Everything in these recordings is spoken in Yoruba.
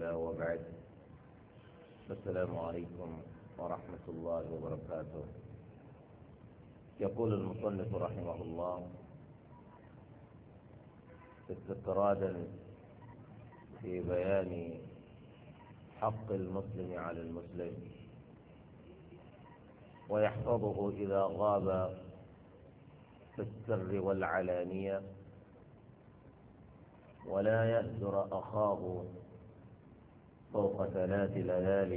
تعالى وبعد السلام عليكم ورحمة الله وبركاته يقول المصنف رحمه الله استطرادا في بيان حق المسلم على المسلم ويحفظه إذا غاب في السر والعلانية ولا يهجر أخاه فوق ثلاث ليال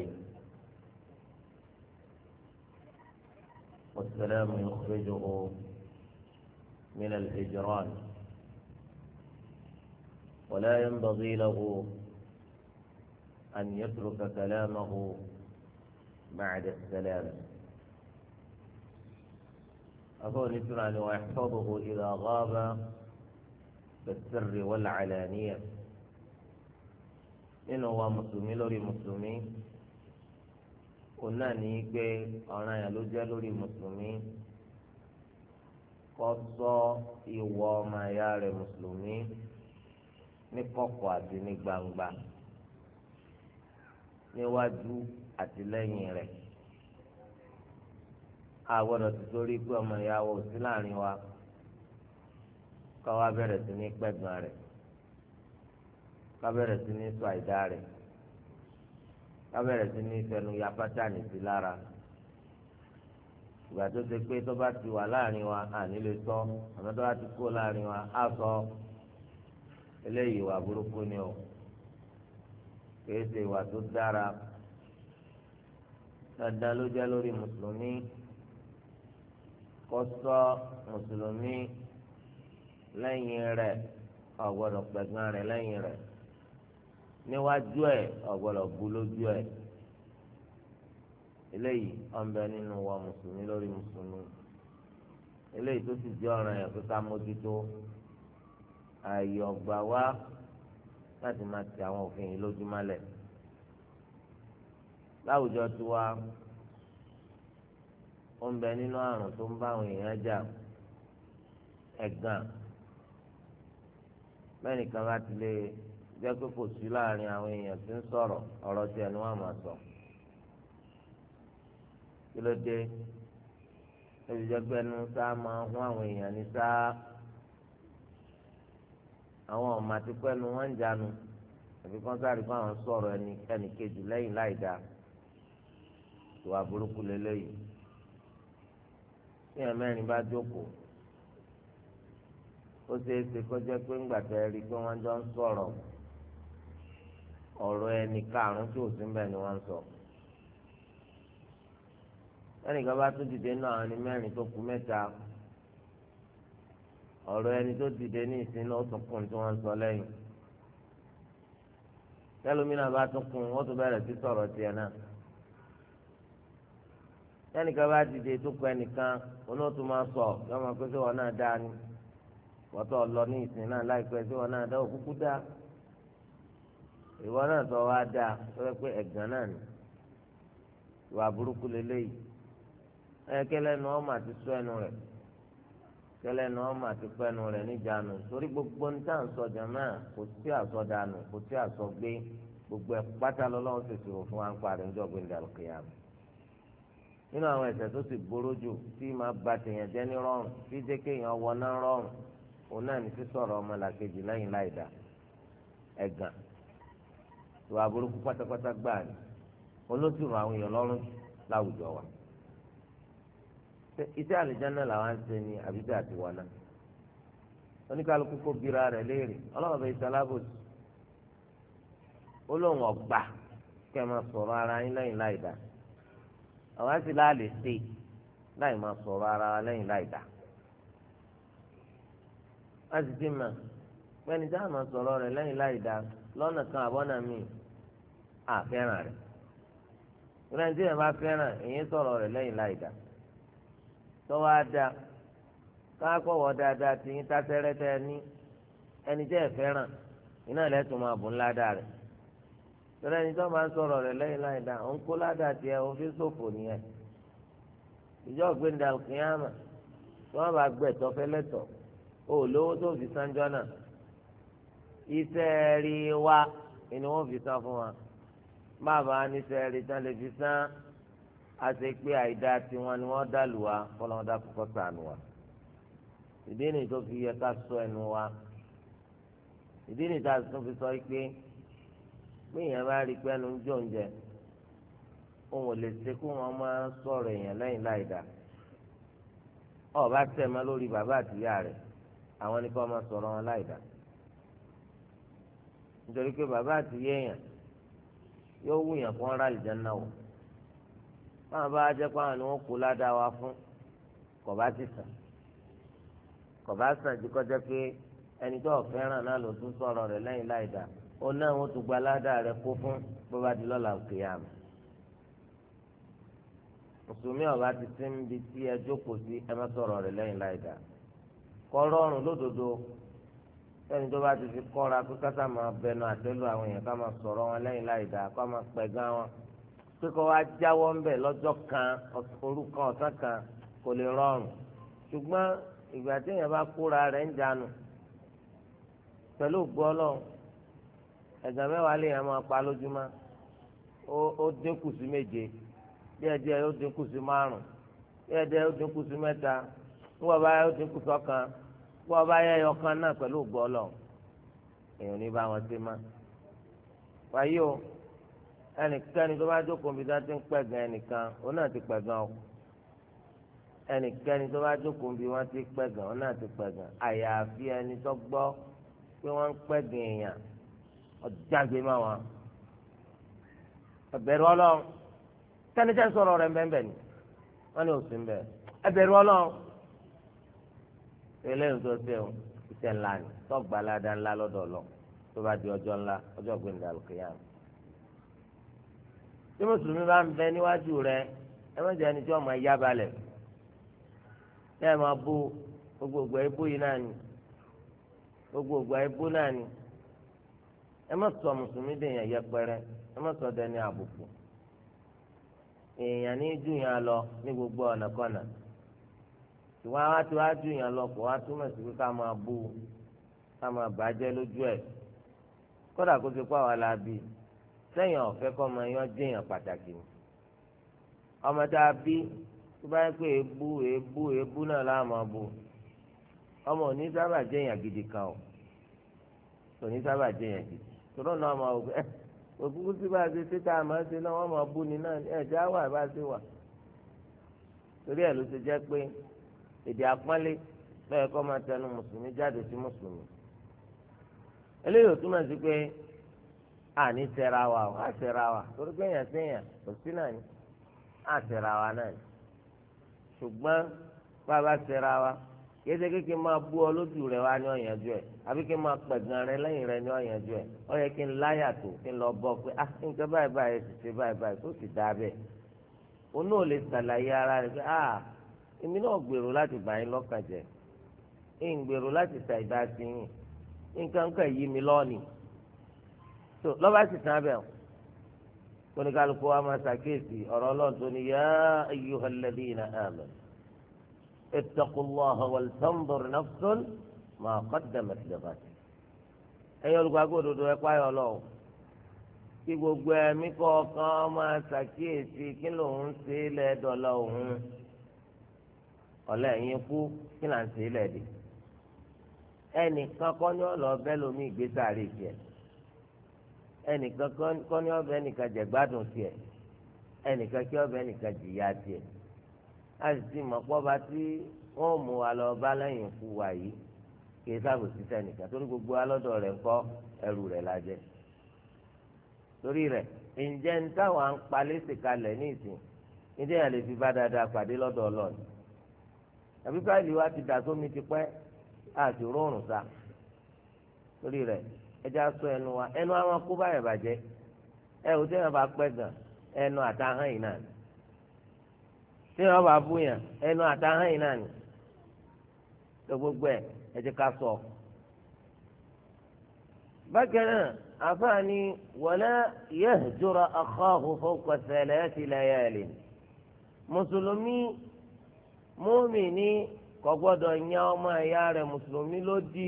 والسلام يخرجه من الهجران ولا ينبغي له أن يترك كلامه بعد السلام أقول نسمع ويحفظه إذا غاب بالسر والعلانية nínú wa mùsùlùmí lórí mùsùlùmí òun náà ní pé ọ̀ràn yẹn ló jẹ́ lórí mùsùlùmí kó ṣọ́ ìwọ ọmọ ẹ̀yà rẹ̀ mùsùlùmí ní kọ̀kọ̀ àti ní gbangba níwájú àti lẹ́yìn rẹ̀ a gbọ́dọ̀ ti torí pé ọmọ ìyá wa ò sí láàrin wa káwa bẹ̀rẹ̀ sí ní pẹ̀gbọ́n rẹ̀ kábẹ̀rẹ̀ sí ní sọ àìdá rẹ̀ kábẹ̀rẹ̀ sí ní fẹnu ya pátánì sí lára ìgbà tó ṣe pé tó bá ti wà láàrin wa àní lè sọ àmọ́ tó bá ti kó láàrin wa á sọ eléyìí ìwà burúkú ni o kìí ṣe ìwà tó dára dandan ló jẹ́ lórí mùsùlùmí kó sọ mùsùlùmí lẹ́yìn rẹ̀ ọ̀gbọ́dọ̀ pẹ̀gbọ́n rẹ̀ lẹ́yìn rẹ̀ níwájú ẹ ọgbọ́dọ̀ bu lójú ẹ eléyìí ọmọbẹ nínú wa mùsùlùmí lórí mùsùlùmí eléyìí tó sì jẹ́ ọ̀ràn yẹn kíkà mójútó ààyè ọgbà wa láti máa ti àwọn òfin yìí lójúmọ́lẹ̀ láwùjọ tiwa ó ń nínú àrùn tó ń bá àwọn èèyàn jà ẹ̀gàn mẹ́nìkan bá ti lè jẹ́ pé kò sí láàrin àwọn èèyàn tí ń sọ̀rọ̀ ọ̀rọ̀ tiẹ̀ ni wọ́n máa sọ. kí ló dé ẹbí jẹ́ pé ẹnu sá máa hún àwọn èèyàn ní sá àwọn ọmọ àti pẹ́ẹ́nu wọ́n ń jánu àfi kán sáré kó àwọn sọ̀rọ̀ ẹnì kejì lẹ́yìn láì dáa ìwà burúkú lélẹ́yìn tíyẹn mẹ́rin bá jókòó ó ṣeé ṣe kó jẹ́ pé ńgbà tẹ́ rí i pé wọ́n jọ ń sọ̀rọ̀ ọ̀rọ̀ ẹni karùn-ún tí sí ni wọ́n sọ. ẹnìkan bá tún dìde náà àwọn mẹ́rin tó kù mẹ́ta ọ̀rọ̀ ẹni tó dìde ní ìsìn náà tún tí wọ́n sọ lẹ́yìn. tẹ́lómìnà bá tún kùn ó tún bẹ̀rẹ̀ sí sọ̀rọ̀ tiẹ̀ náà. ẹnìkan bá dìde tó kù ẹnìkan olóòtú máa sọ yọmọ pé sí wọn náà dá ni wọ́n tó lọ ní ìsìn náà láìpẹ́ sí ìwọ náà sọ wá dáa sọ pé ẹ̀gán náà ni ìwà burúkú lélẹ́yìí ẹ̀kẹ́lẹ́ nu ọmọ àti sọ ẹnu rẹ̀ ní ọmọ àti pẹnu gbogbo ní sọjà náà kò sí gbogbo sì fún wa ń parí mi. nínú àwọn tó jù tí máa ba tèèyàn jẹ́ ní rọrùn tí jẹ́ kéèyàn wọná rọrùn òun náà ìwà burúkú pátápátá gbáà ni olóṣùwọ̀n àwọn èèyàn lọ́rùn láwùjọ wa iṣẹ́ àlùjáná làwọn ń ṣe ni àbíjà àti wàná oníkálukú kó bira rẹ̀ léèrè ọlọ́run bẹ ìsalábòsì olóhùn ọgbà kẹ́ ẹ máa sọ̀rọ̀ ara yín lẹ́yìn láì dá àwọn sì láàlè ṣe láì máa sọ̀rọ̀ ara wa lẹ́yìn láì dá sì ti mọ̀ pẹ́ni tá a máa sọ̀rọ̀ rẹ̀ lẹ́yìn láì lọ́nà kan àbọ̀nà míì fẹ́ràn rẹ̀ ìrìn ma bá fẹ́ràn èyí sọ̀rọ̀ rẹ̀ lẹ́yìn láì dá tọ́wọ́ á dá káàkọ́wọ́ dáadáa ti yín tásẹ́rẹ́tẹ́ ní ẹni tí ẹ̀ iná lẹ́tùn máa bùn ládàá rẹ̀ tọ́lá ma sọ̀rọ̀ rẹ̀ lẹ́yìn láì dá òun kó ládàá tiẹ̀ òun fi sòfò nìyẹn ìjọ gbẹ̀ndà kìíyàmà tí wọ́n bá gbẹ̀ tọ́fẹ́ lówó fi sanjọ́ náà iṣẹ́ rí wa ni wọ́n fi fún wa. bàbá níṣẹ́ rí tán lè fi sán àti pé àìdá tiwọn ni wọ́n dàlù wa fọlọ́mọdá kọ́kọ́ sànù wa ìdí nìyí tó fi yẹ ká sọ ẹnu wa ìdí nìyí tá a tún fi sọ pé gbìyànjú bá rí pé ẹnu ń jọ oúnjẹ òun ò lè ṣe kó wọn máa sọ̀rọ̀ èèyàn lẹ́yìn láì ọba tẹ̀ mọ́ lórí bàbá àtìyá rẹ̀ àwọn ni kò sọ̀rọ̀ wọn láì nítorí pé bàbá àtìyá èèyàn yóò wù yàn kó ń ra àlìjáná o báwọn bá jẹ́ pé àwọn ni kó ládàá wa fún kò bá ti sàn kò bá sàn jù kọjá pé ẹni tó fẹ́ràn náà ló tún sọ̀rọ̀ gba ládàá rẹ kó fún bó bá di lọ́la òkè mùsùlùmí ọba ti sí níbi tí ẹ jókòó sí ẹ má sọ̀rọ̀ rẹ̀ lẹ́yìn láì dá kọ́ rọrùn sẹ́ni tó bá ti fi kọ́ra pé kásá máa bẹnu àtẹ́lu àwọn èèyàn ká máa sọ̀rọ̀ wọn lẹ́yìn láì dáa ká máa pẹ̀gàn wọn pé kó wá jáwọ́ ń bẹ̀ lọ́jọ́ kan orúkọ ọ̀sán kan kò lè rọrùn ṣùgbọ́n ìgbà tí èèyàn bá kóra rẹ̀ ń jánu pẹ̀lú gbọ́lọ̀ ẹ̀gàn mẹ́wàá lè yàn máa pa lójúmọ́ ó dínkù sí méje díẹ̀díẹ̀ ó dínkù sí márùn-ún díẹ̀díẹ̀ ó dínkù sí mẹ́ta ń wọ̀ báyà ó dínkù sọ́kan bọ́ ọba yẹ ọkàn náà pẹ̀lú gbọ́lọ̀ èèyàn ní bá wọn ṣe má. wáyé o ẹnikẹ́ni tó bá jókòó níbi tó ti ń pẹ̀gàn ẹnìkan òun náà ti pẹ̀gàn o ẹnikẹ́ni tó bá jókòó níbi wọ́n ti pẹ̀gàn òun náà ti pẹ̀gàn àyàfi ẹni tó gbọ́ pé wọ́n ń pẹ̀gàn èèyàn ọ̀jáde má wọn. ẹ̀bẹ̀rù ọlọ́run tẹ́ni tẹ́ sọ̀rọ̀ rẹ̀ ń bẹ́ẹ̀ bẹ́ẹ̀ ni wọ́n ní òsì ń bẹ́ẹ̀ ẹ̀bẹ̀rù ọlọ́run eléyìí tó ṣe o iṣẹ́ ńlá ni tọ́gbà aládá ńlá lọ́dọ̀ lọ tó bá di ọjọ́ ńlá ọjọ́ gbẹ̀ndà lùkìyàn. tí mùsùlùmí bá ń bẹ níwájú rẹ ẹ má jẹ́ ẹni tí wọ́n máa balẹ̀ ẹ máa bú gbogbogbò ẹbú yìí náà ni gbogbogbò ẹbú náà ni ẹ má sọ mùsùlùmí dèèyàn yẹpẹrẹ ẹ má sọ dẹni àbùkù èèyàn tiwa wá tí wá ju yàn lọ kó wá túmọ̀ sí pé ká máa bú ká máa bàjẹ́ lójú ẹ̀ kódà kó ti kó àwa la bí sẹ́yìn ọ̀fẹ́ kọ́ ọmọ yẹn jẹ́yàn pàtàkì ni ọmọ tá a bí tó bá yẹ pé èébú èébú èébú náà láà máa bú ọmọ òní sábà jẹ́yàn gidi kan o òní sábà jẹ́yàn gidi tòró náà máa wò pé ẹ eh, òkúkú tí bá a ṣe ṣe tá a máa ṣe náà wọ́n máa bú ni náà ẹ̀jẹ̀ á wà bá a ṣe wà torí ẹ̀ ló ti jẹ́ pé èdè àpọ́nlé lọ́yẹ̀ kọ́ máa tẹnu mùsùlùmí jáde sí mùsùlùmí. eléyìí ò túmọ̀ sí pé àní ṣẹ̀ra wa ò á ṣẹ̀ra wa torí pé èèyàn séèyàn kò sí náà ni á ṣẹ̀ra wa náà ni. ṣùgbọ́n bá a bá ṣẹ̀ra wa kìí ṣe kékeré máa bú ọ lójú rẹ wá ní ọ̀yànjú ẹ̀ àbí kí n máa pẹ̀gàn rẹ lẹ́yìn rẹ ní ọ̀yànjú ẹ̀ ó yẹ kí n láyà tó kí n lọ bọ́ pé ah nǹkan báyìí báyìí ti ṣe báyìí báyìí tó sì dáa bẹ́ẹ̀. onú ò lè ṣàlàyé ara rẹ pé ah èmi náà gbèrò láti bà yín lọ́kàn jẹ́ ń gbèrò láti ta ìdá sí yín nǹkan kan yí mi lọ́ọ̀nì tó lọ́ba sì tán abẹ́ o kóníkàlùkù wa máa ṣàkíyèsí ọ̀rọ̀ ọlọ́run tó ní yá ayyuhal ladhina amanu ittaqullaha wal tanzur nafsun ma qaddamat lighad ẹ̀yin olùgbàgbọ́ òdodo ẹ̀ páyọ̀ ọlọ́run kí gbogbo ẹ̀mí kọ̀ọ̀kan máa ṣàkíyèsí kí lòun ṣe é lẹ́ẹ̀dọ̀lọ́ òun. ọ̀la ẹ̀yin kú kí là ń ṣe lẹ́ẹ̀dì ẹnìkan kọ́ lomi ìgbésẹ̀ àárẹ̀ tiẹ̀ ẹnìkan kọ́ ni ọbẹ̀ nìkan jẹ̀gbádùn tiẹ̀ ẹnìkan kí ọbẹ̀ nìkan jìyà tiẹ̀ a sì ti mọ̀ pọ́ba tí wọ́n mú wa lọ bá lẹ́yìn wa yìí kì í sábò nìkan gbogbo alọ́dọ̀ rẹ̀ ń kọ́ ẹrù la torí rẹ̀ ǹjẹ́ ń táwọn ń palẹ́sì kalẹ̀ ní ìsìn àbí fáìlì wa ti dà sómi ti pẹ́ àti rọrùn sa torí rẹ̀ ẹja sọ ẹnu wa ẹnu àwọn kó báyà bàjẹ́ ẹ ò tẹ́yàn bá pẹ́ gan ẹnu àtàhán yìí náà ni tẹ́yàn bá bú yàn ẹnu àtàhán yìí náà tó gbogbo ẹ ẹ ká sọ. bákan náà àfààní wala yahjura akhahu fawqa thalathi layalin mùsùlùmí múmi ní kò gbọ́dọ̀ yan ọmọ ẹ̀yà rẹ̀ mùsùlùmí di,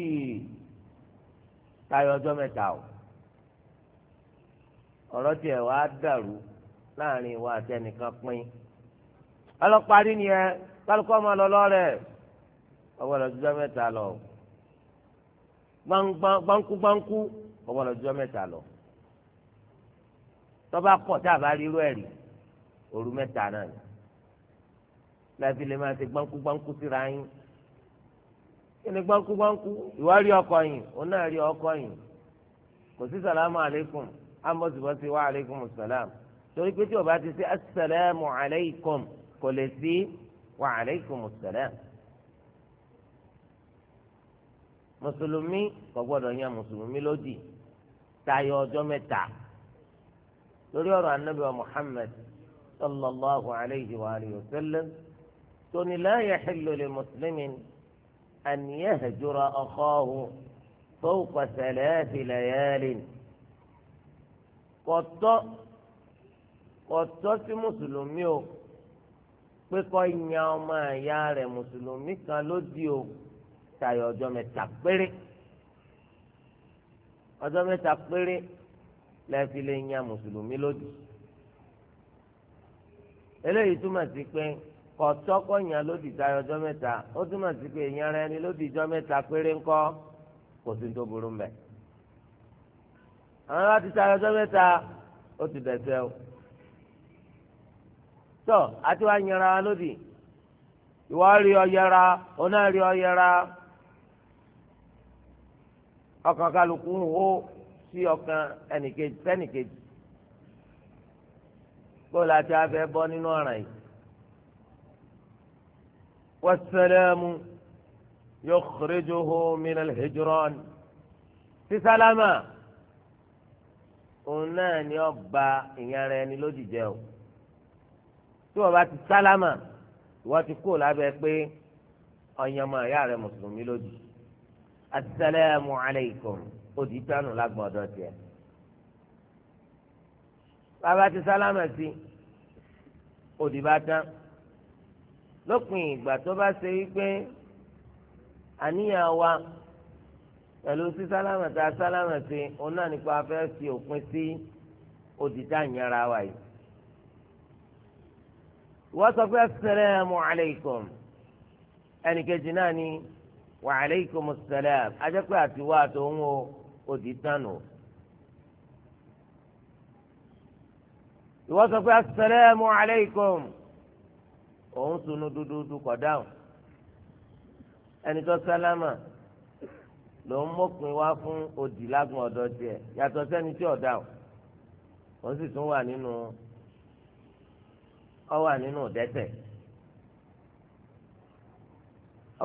tayọ ọjọ́ mẹ́ta o ọ̀rọ̀ tiẹ̀ wá dàrú láàrin ìwà àti ẹnìkan pín ọlọ́pàá ni ẹ kálukọ ọmọ lọlọ rẹ ọgbọ́dọ̀ ọjọ́ mẹ́ta lọ gbáǹkú gbáǹkú ọgbọ́dọ̀ ọjọ́ mẹ́ta lọ tọ́ba kọ̀ tá a bá rí irú ẹ̀rí òru mẹ́ta náà ni láti lè máa ṣe gbáǹkú gbáǹkú síra yín kí ni gbáǹkú gbáǹkú ìwà rí ọkọ yìí òun náà rí ọkọ yìí kò sí sàlámù alaykum amọ̀sibọ́sí wa alaykum salam torí pé tí o bá ti ṣe asalaamu alaykum kò lè sí wa alaykum salam mùsùlùmí kò gbọ́dọ̀ yan mùsùlùmí lódì tayọ ọjọ́ mẹ́ta lórí ọ̀rọ̀ anabi wa sallallahu alayhi wa sallam tóní la yahillu li muslimin an yahjura akhahu fawqa thalathi layalin kọ̀tọ́ kọ̀tọ́ sí mùsùlùmí o pé kọ́ ìyá ọmọ ẹ̀yà rẹ̀ mùsùlùmí kan ló di o tayọ ọjọ́ mẹ́ta péré ọjọ́ mẹ́ta péré lẹ́ẹ̀fi lè yan mùsùlùmí lódì eléyìí túmọ̀ sí pé. kọtọkọ yẹn lódì tayọ ọjọ́ mẹ́ta ó túmọ̀ sí pé èèyàn rẹ ni lódì ọjọ́ mẹ́ta péré ńkọ́ kò sí tó burú mbẹ. àwọn o. ó ti dẹ̀sẹ̀ o. tọ́ àti wàá yẹra lódì ìwọ rí ọ yẹra ọ̀nà rí ọ yẹra ọkàn kálukú ń hó sí ọkàn ẹnìkejì kó o láti abẹ nínú والسلام يخرجه من الهجران في سلامة òun náà ni ọba ìyára ẹni lójijẹ o tí wọn bá ti sálámà ìwọ ti kúrò lábẹ́ pé ọyànmọ ìyá rẹ mùsùlùmí lódì asálẹ́mù aleikum òdì dánù lágbọ̀dọ̀ tiẹ̀. bàbá ti sálámà sí òdì bá dán lópin ìgbà tó bá ṣe wípé àníyàn wa pẹ̀lú sí sálámà tá a sálámà sí òun náà nípa afẹ́ fi òpin sí òdìdá ìyára wa yìí. wọ́n sọ pé assalamu alaykum ẹnìkejì náà ni wa alaykum assalam ajẹ́pẹ́ àtiwá àtòun o òdìdánù. ìwọ́n sọ pé assalamu alaykum òun sunu dúdúdú kọ dáhùn ẹni tó sálámà ló ń mọ̀pin wá fún òdì lágùn ọ̀dọ̀ tiẹ̀ yàtọ̀ sẹ́ni tí ò dáhùn òun sì tún wà nínú ọ wà nínú dẹ́tẹ̀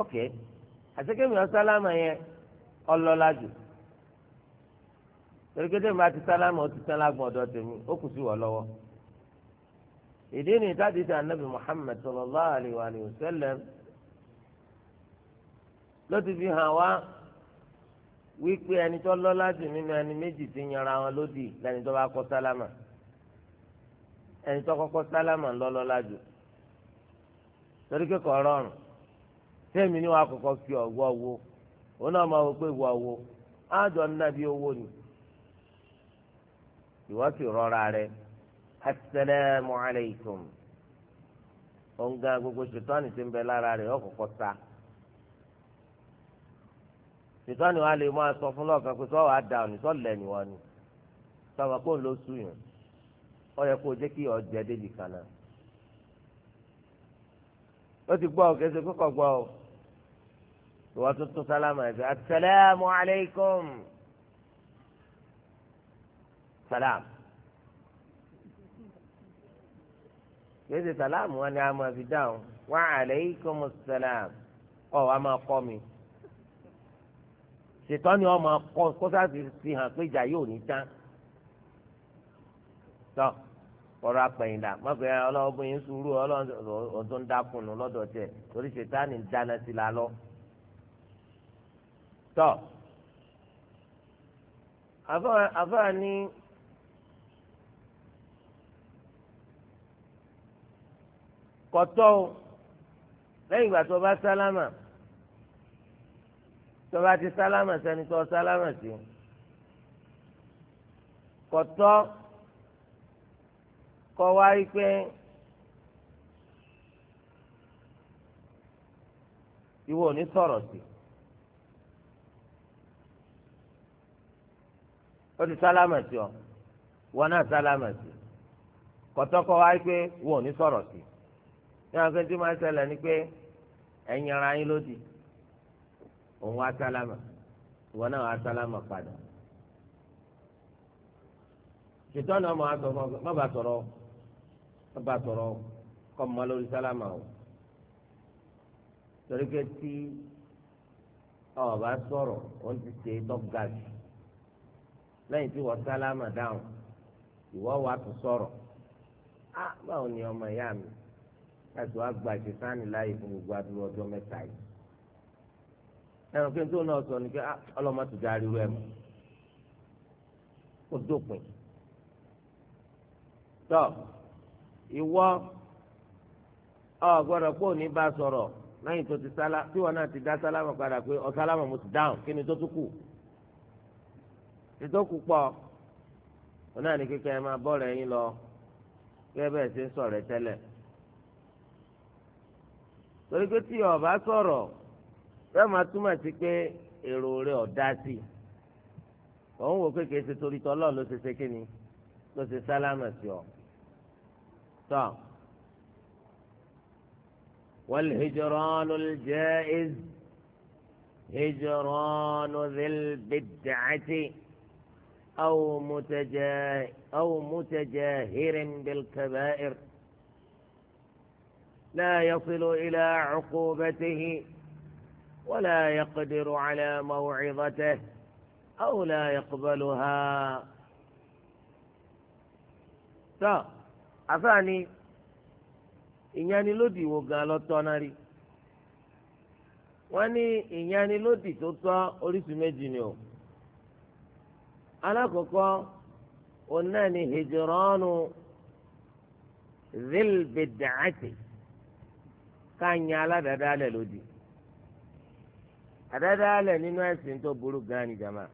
ok àtikẹ́mi ọ̀sálámà yẹn ọlọ́lá jù torí kété mi bá ti sálámà ó ti sán lágùn ọ̀dọ̀ tèmi ó kù sí wọ́ lọ́wọ́. ìdí ni ìtàdí ti anabi muhammed sallallahu alayhi wa sallam ló ti fi hàn wá wípé ẹni tó lọ láti nínú ẹni méjì ti yanra wọn lódì lẹni tó bá kọ sálámà ẹni tó kọ́kọ́ sálámà ń lọ́lọ́ lájò torí kékeré rọrùn tẹ́mi ni wàá fi ọ̀wọ́ asalaamu alaykum O gbogbo ṣètọ́ni ti ń bẹ lára rẹ̀ ọkọ̀ọ̀kọ̀ ta ṣètọ́ni wa lè máa sọ fún lọ́ọ̀kan pé sọ́wọ́ àdá òní sọ́ọ̀lẹ̀ ni wọ́n ni sọ́wọ́ kó ló o ti gbọ́ òkè ṣe gbọ́ ò tuntun sálámà ẹ̀ fẹ́ Salam. kéde sàlámù wọn ni a máa fi dáhùn wa alaykum assalam ọ wa máa kọ́ mi ṣètọ́ ni wọ́n máa kọ́ kó sáà fi hàn pé ìjà yóò ní tán tọ́ kọ́ra pẹ̀yìndà mọ̀kẹ́ ọlọ́ọ̀bùn yín sùúrù ọlọ́ọ̀n tó ń dákùnù lọ́dọ̀ tẹ̀ torí ṣètánì dáná sí la lọ. tọ́ àfọwọ́ ni. kọtọ o lẹ́yìn ìgbà tó bá sálámà tó bá ti sálámà sẹ́ni tó sálámà sí kọtọ kọ wá rí pé ìwọ ò ní sọ̀rọ̀ sí ó ti sálámà sí ọ wọn náà sálámà sí kọtọ kọ wá rí pé ìwọ ò ní sọ̀rọ̀ sí ní àwọn tí máa ṣẹlẹ̀ ni pé ẹ̀yin ara yín lódì òun wá sálámà ìwọ náà wá sálámà padà ṣètò ọ̀nà ọmọ àtọ̀ má bàa sọ̀rọ̀ má bàa sọ̀rọ̀ kọ́ mọ́ lórí sálámà o torí pé tí ọba sọ̀rọ̀ òun ti ṣe tọ́gàjù lẹ́yìn tí wọ́n sálámà dáhùn ìwọ wa tún sọ̀rọ̀ á ah, báwo ni ọmọ ìyá mi láti wá gba ìṣẹ̀sánì láàyè fún gbogbo adúlọ ọjọ́ mẹ́ta yìí. ẹnu kí n tó náà sọ ni pé ah, ọlọ́mọ ti darí rẹ̀ mọ́ kó dópin. tọ́ ìwọ ọ gbọ́dọ̀ pé òní bá sọ̀rọ̀ lẹ́yìn tó ti sálá tí wọn náà ti dá sálámà padà pé ọ sálámà mo ti dáhùn kí ni tó tún kù. ìtòkù pọ̀ ọ náà ní kíkẹ́ ẹ máa bọ́ọ̀rọ̀ ẹ̀yìn lọ kí ẹ ṣe ń sọ̀rọ̀ ẹ tẹ́lẹ̀ torí pé tí o bá sọ̀rọ̀ yóò máa túmọ̀ sí pé èrò rẹ̀ ò dá sí i òun wò pé kìí ṣe torí tọ́lọ́ ló ṣe ṣe kíni ló ṣe sálámà sí ọ. tọ́ wal hijranu al-jaiz hijranu dhil bid'ati aw mutajahirin bil kaba'ir. لا يصل إلى عقوبته ولا يقدر على موعظته أو لا يقبلها tọ́ àfáàní ìyanilódì wo gan lọ́tọ́ náà rí wọ́n ní ìyanilódì tó tọ́ oríṣi méjì ni o alákọ̀ọ́kọ́ òun náà ni hijranu ká yan aládàádáálẹ̀ lòdì àdáadáalẹ̀ nínú ẹ̀sìn tó burú gan ni jàmá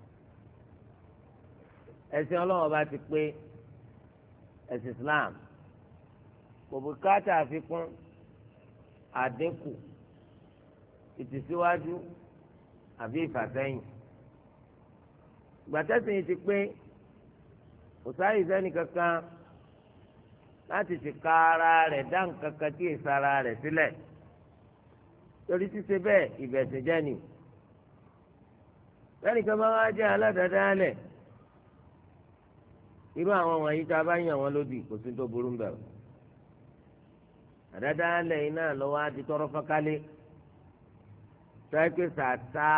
ẹ̀sìn ọlọ́wọ́n bá ti pé ẹ̀sìn Islam kò bùkátà àfikún àdínkù ìtìsíwájú àbí ìfàsẹ́yìn gbàtẹ́sìn yìí ti pé kò sáyé sẹ́ni kankan láti ti ka ara rẹ̀ dá nǹkan kan kí èsì ara rẹ̀ sílẹ̀. Si torí ṣíṣe bẹ́ẹ̀ ìbẹ̀sẹ̀ jẹ́ ni lẹ́nìkan bá wá jẹ́ aládàádáálẹ̀ irú àwọn wọ̀nyí tá a bá yàn wọ́n lódì kò sí tó burú ń bẹ̀ o àdádáálẹ̀ iná lọ́wọ́ á ti tọrọ fọ́nkálé sọ́yìnkì sàtà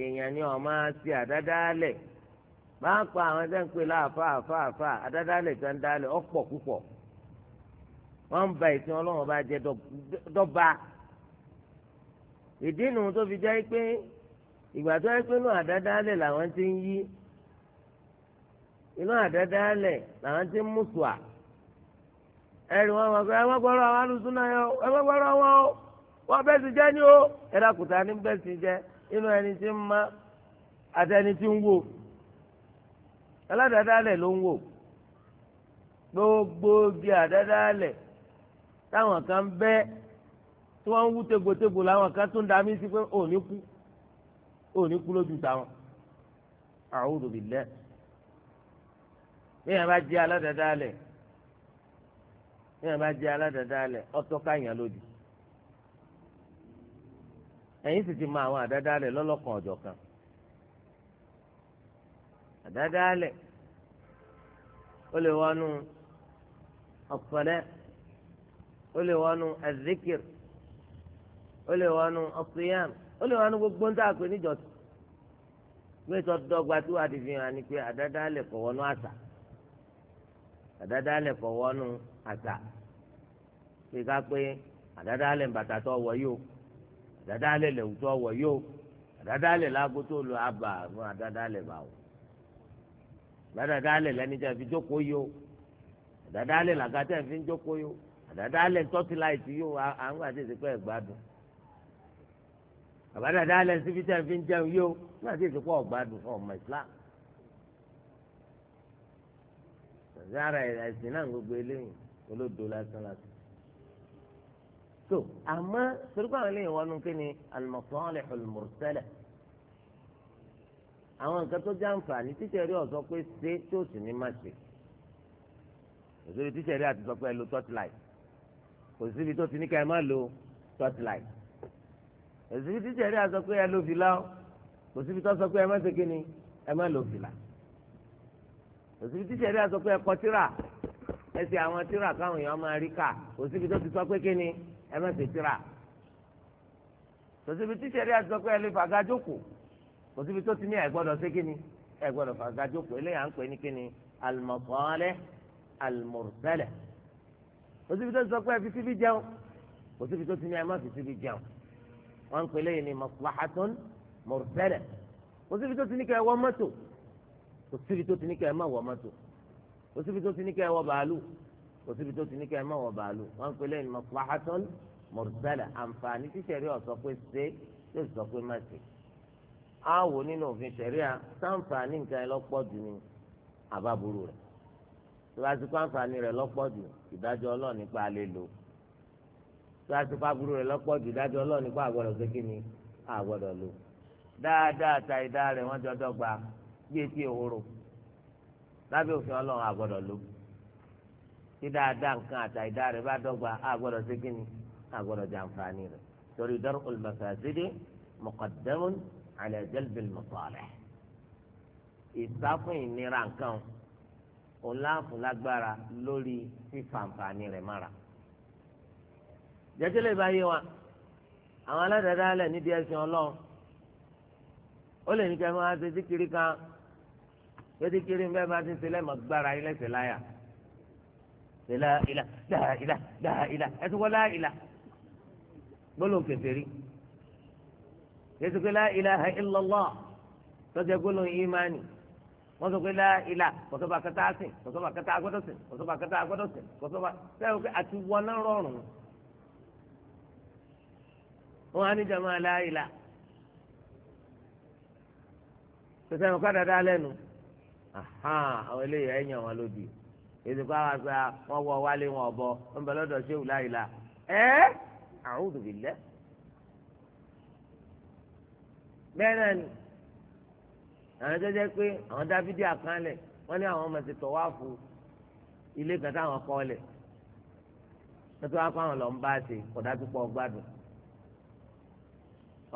èèyàn ni ọ̀ máa ṣe àdádáálẹ̀ máa ń pa àwọn ẹgbẹ́ ń pè láàfà àfà àfà àdádáálẹ̀ tó ń dálẹ̀ ọ̀pọ̀ púpọ̀ wọ́n ń ba ìsìn ọlọ́run bá jẹ́ dọ́ba. Do, do, ìdí nu tó fi jẹ́ pé ìgbà tó yẹ pé inú làwọn ti ń yí inú àdádálẹ̀ làwọn ti ń mùsùà ẹ̀rì wọn wọ̀ pé ẹwọ́n gbọ́rọ̀ àwọn wọn o wọ́n bẹ́ẹ̀ jẹ́ ní o ẹ̀rọ àkùtà ní bẹ́ẹ̀ sì jẹ́ inú ẹni ń mọ́ àti ẹni ń wò ló ń wò gbogbo tí wọ́n ń wú tegbòtegbò làwọn kan tó ń dá sí pé ò ní kú ò ní kú lójú táwọn a'udhu billah bẹ́ẹ̀ bá jẹ́ aládàáda lẹ̀ bẹ́ẹ̀ bá jẹ́ aládàáda lẹ̀ ọtọ́ káyàn lòdì ẹ̀yin sì ti mọ àwọn àdáda lẹ̀ lọ́lọ́kan ọ̀jọ̀ kan àdáda lẹ̀ ó lè wọnú ọ̀pọ̀lẹ́ ó lè wọnú azikir ó lè wọnú ọ̀sìyàn ó lè wọnú gbogbo ń tà pé níjọ́sìn gbé tó dọ́gba tí wàá di fi hàn ni pé àdáda lè kọ̀ wọnú àṣà àdáda lè kọ̀ wọnú àṣà pé ká pé àdáda lè bàtà tó wọ̀ yóò àdáda lè lẹ̀wù tó wọ̀ yóò àdáda lè láago tó lọ àbà fún àdáda lè bà wọ̀ àdáda lè lẹ́ni tẹ́ fi jókòó yóò àdáda lè làgàtẹ́ fi jókòó yóò àdáda lè tọ́tìláìtì yóò àwọn àti ìsìnkú ẹ̀ gbádùn àbádàdà alẹ́ síbi tẹ́ fi ń jẹun yó náà sì ti pọ̀ gbádùn fún ọmọ islam zara ẹ̀sìn náà gbogbo eléyìí olódo lásán lásán so àmọ́ torípé àwọn eléyìí wọnú kí ni al-masalihul mursalah àwọn nǹkan tó já nfààní títẹ̀rí ọ̀sọ́ pé ṣe tí ó sì ní má ṣe òṣèré títẹ̀rí àti sọ pé ẹ lo torchlight kò síbi tó ti ní ká ẹ má lo torchlight èsì tí sẹ̀rí àsọ pé ẹ lò fìlà o kò síbi tó sọ pé ẹ má ṣe kí ni ẹ má lò fìlà kò síbi tí sẹ̀rí àsọ pé ẹ kọ tírà ẹ ṣe àwọn tírà káwọn èèyàn máa rí kà kò síbi tó ti sọ pé kí ni ẹ má ṣe tírà kò síbi tí sẹ̀rí àsọ pé ẹ lè fàgá jókòó kò síbi tó ti ní ẹ gbọ́dọ̀ ṣe kí ni ẹ gbọ́dọ̀ fàgá jókòó eléyà ń pè ní kí ni al kò síbi tó ti sọ pé ẹ fi síbi jẹun kò síbi tó ti ní ẹ má fi síbi jẹun wọ́n ń pèlè ní maslahatun mursalah kò síbi tó ti ní kẹ́ ẹ wọ mọ́tò kò síbi tó ti ní kẹ́ ẹ má wọ mọ́tò kò síbi tó ti ní kẹ́ ẹ wọ bàálù kò síbi tó ti ní kẹ́ ẹ má wọ bàálù wọ́n ń pèlè ní maslahatun mursalah àǹfààní tí sẹ̀rí ó pé ṣe tó sọ pé má ṣe á wò nínú òfin sẹ̀rí à sáǹfààní nǹkan ẹ lọ́pọ̀ jù ní àbábúrú rẹ̀ tó bá ti kó àǹfààní rẹ̀ lọ́pọ̀ jù ìdájọ́ ọlọ́ọ̀ nípa alẹ́ lò tó a ti fa aburú rẹ̀ lọ́pọ̀ jù dájọ́ ọlọ́ọ̀ni kó àgbọ̀dọ̀ ṣe kí ni àgbọ̀dọ̀ lò dáadáa ta ìdá rẹ̀ wọ́n jọ dọ́gba bí etí ehoro lábẹ́ òfin ọlọ́run àgbọ̀dọ̀ lò tí dáadáa nǹkan àtà ìdá rẹ̀ bá dọ́gba àgbọ̀dọ̀ ṣe kí ni àgbọ̀dọ̀ jàǹfààní rẹ̀ torí darul mafasidi muqaddamun ala jalbil ìsáfún ìnira nǹkan òun láǹfù lágbára lórí fífàǹfààní rẹ̀ mára jẹ́tẹ́lẹ̀ bá yé wa àwọn aládàáda alẹ̀ níbi ẹ̀sìn ọlọ́run ó lè ní kẹfọ́n àti síkiri kan pétékiri bẹ́ẹ̀ bá ti ń sẹlẹ̀ mọ́ gbára ilé ẹsẹ̀ láyà sẹlẹ̀ ìlà dáa ìlà dáa ìlà ẹtú wọ́n dáa ìlà gbólóhùn kẹfẹ́rí yẹtùkú la ilaha illallah tọ́jà gbólóhùn ìmánì wọ́n sọ pé la ìlà kọ́sọ́ba kẹta sìn kọ́sọ́ba kẹta agbọ́dọ̀ sìn kọ́sọ́ba kẹta agbọ́dọ̀ sìn kọ́sọ́ba sẹ́wọ́n àti wọn náà rọrùn wọn á ní jama aláìlá tètè wọn kọ́ dáadáa lẹ́nu àwọn eléyìí ẹ̀yàn wọn lòdì èsì kọ́ àwọn àgbà wọn wọ wálé wọn ọ̀bọ wọn bẹ lọ́dọ̀ ṣéwù láìlá ẹ́ a'udhu billah bẹ́ẹ̀ náà ni àwọn tó jẹ́ pé àwọn dábídì àkànlẹ̀ wọ́n ní àwọn ọmọ ti tọ̀ wá fún ilé kan táwọn kọ́ lẹ̀ tó tó wá kó àwọn lọ́n bá ṣe kọ̀dá tó pọ̀ gbádùn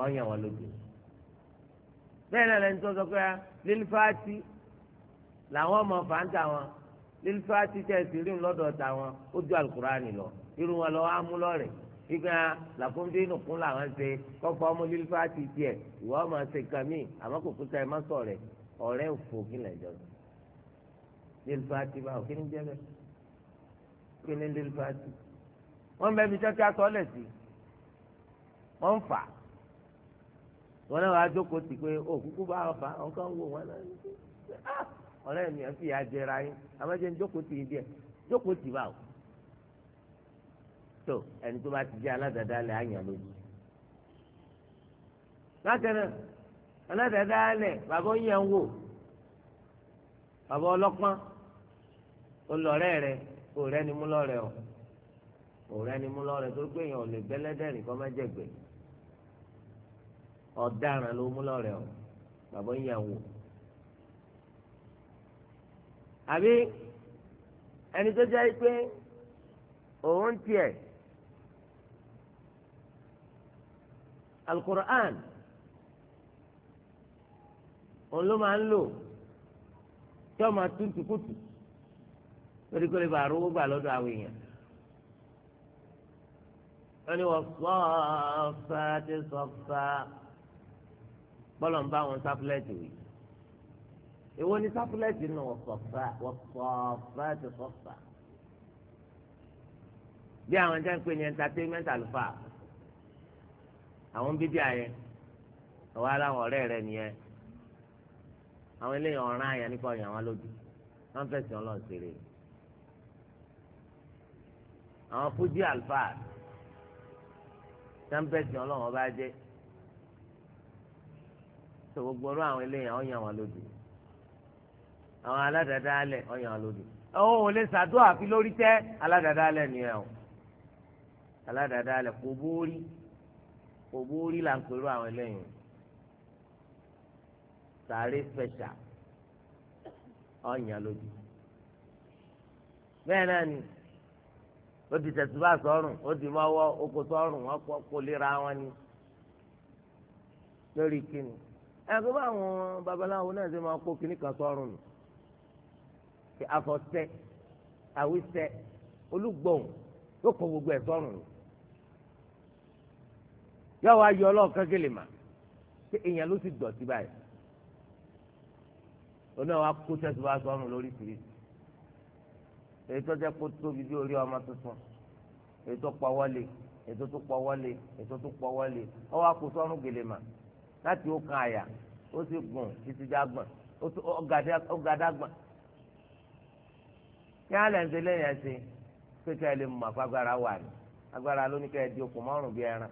ọyàn wọn lóde bẹ́ẹ̀ náà lẹni tó sọ pé lílfàtì làwọn ọmọ fàǹtà wọn lílfàtì tẹsí rí lọ́dọ̀ tà wọn ó ju alukurani lọ irun wọn lọ wá mú lọrẹ ìgbà làkúndé nìkún làwọn ṣe kọfọ ọmọ lílfàtì tiẹ ìwọ ọmọ ṣe kàmí àmọ́ kò kúta ẹ má sọ rẹ ọ̀rẹ́ òfò kí lílfàtì báwo kí ni jẹ lílfàtì wọn bẹ ibi tí wọn ti aṣọ wọn fà á wọn náà wàá jókòó tì pé ó oh, kúkú bá wọn fà wọn kàn wò wọn náà ah, ọ̀rẹ́ mi ẹ̀ fi ìyá jẹra yín àmọ́jẹ́ ń jókòó tì í díẹ̀ jókòó tì báwò tó ẹni tó bá ti jẹ́ aládàádáalẹ̀ àyàn lójú. látẹ̀rẹ̀ aládàádáalẹ̀ bàbá yẹn wò bàbá ọlọ́pọ́n olọ́rẹ́ rẹ̀ òrẹ́ ni mú lọ́rẹ́ o òrẹ́ ni mú lọ́rẹ́ torí pé èèyàn ò lè bẹ́lẹ́dẹ̀rìn má jẹ̀gbẹ́ yìí ọ̀daràn ló mú lọ́rẹ̀ o bàbá ń yàn wò. àbí ẹni tó jẹ́ pé òun tiẹ̀ alukur'an òun ló máa ń lò tí ọmọ tuntukutu lórí kó lè bá arówó gbà lọ́dọ̀ àwọn èèyàn wọ́n ní wọ́n sọ́ọ́ fà ti sọ́ọ́ fà bọ́lọ̀ ń bá wọn sáfúlẹ́tì wì èwo ni sáfúlẹ́tì nù wọ́pọ̀fà ti sọ́fà bí àwọn jẹ́ ń pè ní entertainment alfa àwọn bíbí àyẹ àwọn aláwọ̀ ọ̀rẹ́ rẹ nìyẹn àwọn eléyìí ọ̀ràn àyàn nípa ọ̀yàn wọn lójú wọn fẹ̀sìn ọlọ́run ṣeré àwọn fújì alfa tẹ́ ń fẹ̀sìn ọlọ́run ọba jẹ́ sọ gbogbo ọ̀rọ̀ àwọn eléyàn ọyàn wọn lòdì àwọn aládàáda alẹ ọyàn wọn lòdì àwọn ò lè ṣàdúrà àfi lórí tẹ aládàáda alẹ nìyẹn o aládàáda alẹ kò bóórí kò bóórí là ń pèrò àwọn eléyàn sàárè special ọyàn lòdì bẹ́ẹ̀ náà ni ó di tẹ̀síbà ó di oko kò ni lórí kíni ẹgbẹ́ bá àwọn babaláwo náà ṣe máa kó kíní kan sọ́run nù kí afọ̀tẹ́ àwísẹ́ olúgbọ̀n yóò kó gbogbo ẹ̀ sọ́run nù yóò wá yọ ọlọ́ọ̀kan gèlè mà ṣé èèyàn ló ti dọ̀tí báyìí oní àwọn akóṣẹ́ tó bá sọ́run lórí tìrìsì èyí tó jẹ́ kó tóbi bí orí ọmọ tuntun èyí tó pọ̀ wọlé èyí tó tó pọ̀ wọlé èyí tó tó pọ̀ wọlé ọwọ́ akóṣọ́run gèlè mà. láti ó kan àyà ó sì gùn títí dágbọ̀n ó gadágbọ̀n kí á lè ṣe lẹ́yìn ẹ̀sìn pé agbara lè mọ̀ àpá agbára wà ní agbára lóníkẹ́ di okùn márùn bí ẹran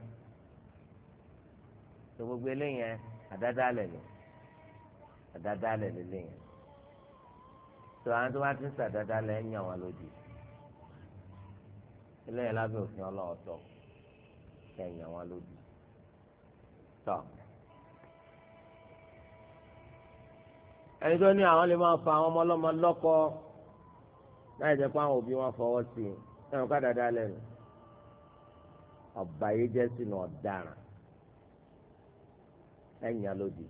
gbogbo eléyìn àdádálẹ̀ lọ àdádálẹ̀ lélẹ́yìn tó àwọn tó bá ti ń sàdádálẹ̀ ẹ̀ yàn wọn lódì eléyìn lábẹ́ òfin ọlọ́ọ̀tọ̀ yàn wọn ẹni tó ní àwọn lè máa fa àwọn ọmọ ọlọ́mọ lọ́kọ láì jẹ́ pé àwọn òbí wọn fọwọ́ sí i ẹ̀rùn ká dáadáa lẹ́nu ọ̀bà yìí jẹ́ sínú ọ̀daràn ẹ̀yìn alódì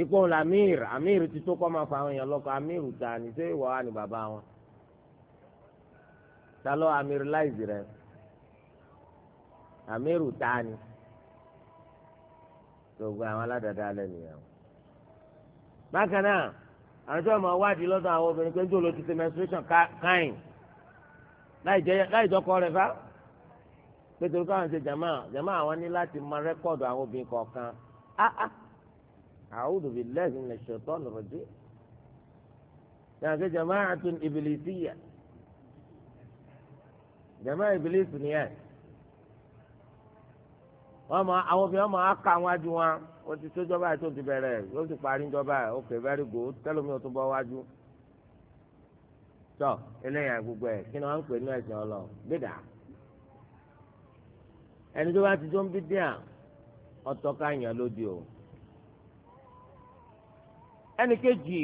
ipò ńlá amír amír ti tó kọ́ máa fa àwọn èèyàn lọ́kọ amír ta ni ṣé ìwọ wa ni bàbá wọn ta ló amír láìsí rẹ amír ta ni gbogbo àwọn aládàáda lẹ́nu yẹn bákan náà àwọn tí wọ́n máa wádìí lọ́dọ̀ àwọn obìnrin pé njó ló ti ṣe menstruation káyìn láì jọkọ rẹ̀ fá pété olùkọ́ àwọn ṣe jàmá jàmá àwọn ní láti máa rẹ́kọ̀dù àwọn obìnrin kọ̀ọ̀kan áá ah, ah. a'udhu billahi minash shaitanir rajim yàrá ṣe jàmá àtún ìbìlì síyà jàmá ìbìlì sùn nìyẹn wọ́n mọ àwọn obìnrin mọ aka wájú wọn ó ti tó jọba yìí tó ti bẹ̀rẹ̀ yóò sì parí jọba yìí ok very good tẹ́lómi ò tún bọ́ wájú. tọ́ eléyà gbogbo ẹ̀ kí ni wọ́n ń pè ní ẹ̀sìn ọlọ gbéga ẹni tó bá ti tó ń bí díà ọ̀tọ̀ ká yàn lódì o ẹnì kejì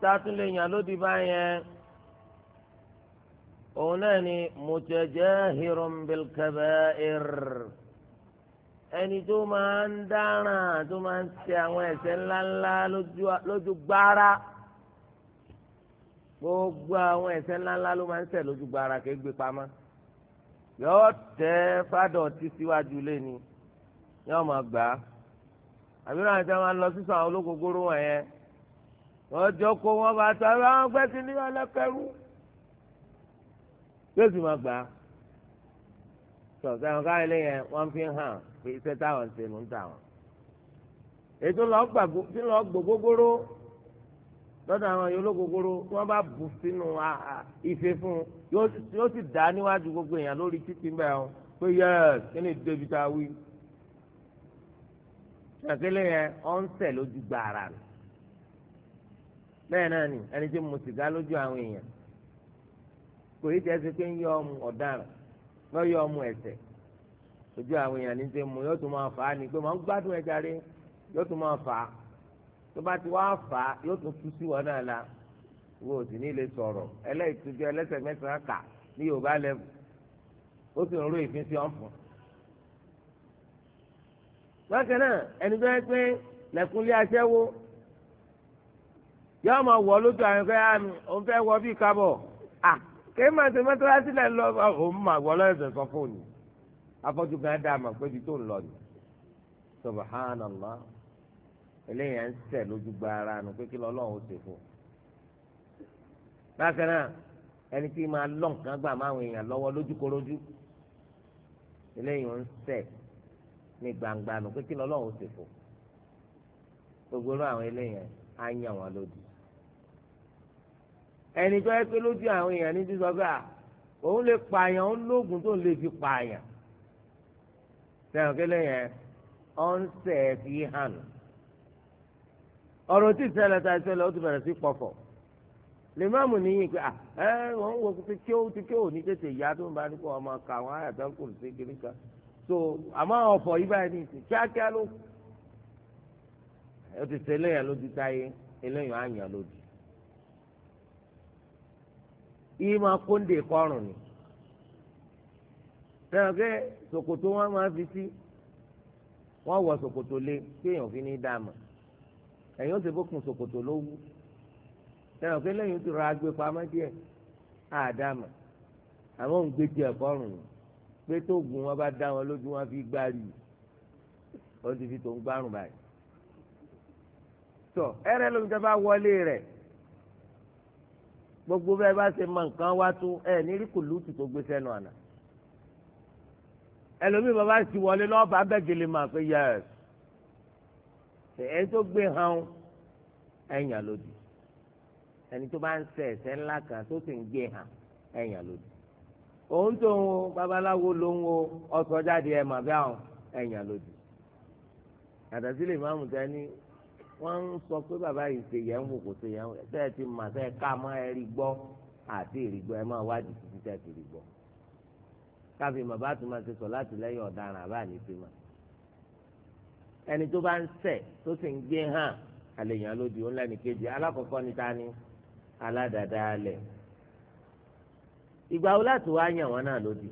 tá a tún lè yàn lódì báyẹn òun náà ni mùtẹ̀jẹ́ hírùmbìlkẹ́bẹ́ ẹ̀rọ ẹni tó máa ń dáràn tó máa ń ṣe àwọn ẹ̀ṣẹ̀ ńláńlá lójú gbára gbogbo àwọn ẹ̀ṣẹ̀ ńláńlá ló máa ń ṣẹ̀ lójú gbára kò gbé pamọ́ yóò tẹ fádọ̀ tí síwájú lé ni yóò máa gbà á àbúrò àti àwọn lọ sísọ àwọn olókogoro wọn yẹn wọ́n jókòó wọn bá tọ́ àwọn gbẹ́sí ní ọlọ́kẹ́rú yóò sì máa gbà á sọ̀tàn káyọ̀ lẹ́yìn wọ́n fi hàn pé iṣẹ́ táwọn ń ṣe ló ń tà wọ́n. ètò tí lọ́ọ́ gbò gógóró lọ́dọ̀ àwọn yòó lógógóró tí wọ́n bá bù sínú ife fún un yóò sì dá níwájú gbogbo èèyàn lórí títí bẹ́ẹ̀ o pé yẹ́s kí ni débi tá a wí. ṣàkélé yẹn ọ̀ ń tẹ̀ lójú gbàrà nù. bẹ́ẹ̀ náà ni ẹni tí mu sìgá lójú àwọn èèyàn kò yí tẹ́ ṣe pé ń yọ ọmọ ọ̀daràn lọ́ yọ ọmọ ẹ̀ṣẹ̀ ojú àwọn èèyàn ní ti mú yóò tún máa fà á ní pé màá ń gbádùn ẹ járe yóò tún máa fà á tó bá ti wá fà á yóò tún tú sí wọn náà la wo ò sì ní lè sọ̀rọ̀ ẹlẹ́ìtújú ẹlẹ́sẹ̀ mẹ́sàn-án kà ní yorùbá lẹ́bù ó sì ń ró ìfín sí ọ̀fun. bákan náà ẹni tó yẹ pé lẹ́kúnlé aṣẹ́wó yóò máa wọ̀ lójú àwọn ẹgbẹ́ àmì ah, òun fẹ́ wọ bí kábọ̀ à kéèmà tó mọ́tò láti lẹ́ afọ́jú gan dá àmà pé ibi tó ń lọ ni subhanallah eléyà ń sẹ̀ lójú gba ara nu pé kí lọ́lọ́run ó ṣe fún un. bákan náà ẹni tí máa lọ nǹkan gbà máwọn èèyàn lọ́wọ́ lójúkorojú eléyà ń sẹ̀ ní gbangba nu pé kí lọ́lọ́run ó ṣe fún un. gbogbo irú àwọn eléyà á yàn wọn lódì. ẹni tó yẹ pé lójú àwọn èèyàn ní sísọ pé à òun lè pààyàn òun lóògùn tó lè fi pààyàn sẹ́yìn kele yẹn ọ̀nsẹ̀ fi hàn ọ̀rọ̀ tí ìṣẹ̀lẹ̀ ta ìṣẹ̀lẹ̀ ó ti bẹ̀rẹ̀ sí pọ̀fọ̀ limamu ní yín pé ah, ẹ wọn wọ ti ké o ti ké o ní tètè ìyá tó ń bá nípa ọmọ ká àwọn àyàtọ̀ kò sí kiri kan so àmọ́ ọ̀fọ̀ yìí báyìí ní ìsìn kíákíá ló ó ti ṣe eléyàn lójú táyé eléyàn á yàn lójú ìmọ̀ kóńdé kọrùn ni sẹ́wọ̀n pé ṣòkòtò wọn máa fi sí wọ́n wọ ṣòkòtò lé kéèyàn fi ní dààmú ẹ̀yìn ó ti bókun ṣòkòtò ló wú sẹ́wọ̀n pé lẹ́yìn tó ra agbè pamọ́ díẹ̀ á dààmú àwọn òun gbé tiẹ̀ kọ́rùn pé tó gùn wọn bá dá wọn lójú wọn fi gbárí ó ti fi tó ń gbárùn báyìí tọ ẹrẹ lómi tó bá wọlé rẹ̀ gbogbo bẹ́ẹ̀ bá ṣe mọ nǹkan wá tó ẹ ní rí kùlùtù tó gbé sẹ́nu àná ẹlòmíì bàbá sì wọlé lọ́ọ̀bà bẹ́gẹ̀lẹ̀ mà pé yẹs ẹni tó gbé hàn ẹ̀yàn lòdì ẹni tó bá ń ṣe ẹ̀ṣẹ̀ ńlá kan tó sì ń gbé hàn ẹ̀yàn lòdì òun tó ń wo babaláwo ló ń wo ọ̀sọ̀ jáde ẹ̀ mà bí àwọn ẹ̀yàn lòdì yàtọ̀ sílẹ̀ ìmáàmù tẹ́ wọ́n ń sọ pé bàbá yìí ṣe yẹn ń wò kò ṣe yẹn ń wò ẹ̀ tẹ́ ti mà tẹ́ ká mọ́ ẹ rí gbọ́ àti ìrìgbọ́ ẹ máa wádìí káfí mọ̀ bá tún máa ṣe sọ láti lẹ́yìn ọ̀daràn àbá fi mọ̀ ẹni tó bá ń ṣẹ̀ tó sì ń gbé hàn àlèyàn lódì ó lẹ́nu kejì alákọ̀ọ́kọ́ ni ta ni aládàáda alẹ̀ ìgbà wo láti wá yàn wọn náà lódì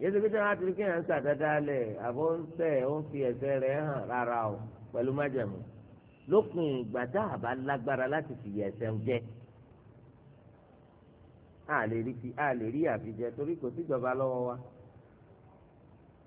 yéésù pété wọn ti rí kéèyàn ń ṣàdáda alẹ̀ àbó ń ṣẹ̀ ó ń fi ẹ̀ṣẹ̀ rẹ̀ hàn rárá o pẹ̀lú májẹ̀mú lópin ìgbà tá a bá lágbára láti fi ẹ̀ṣẹ̀ ń jẹ́ a lè rí àfijẹ́ torí kò síjọba lọ́wọ́ wa.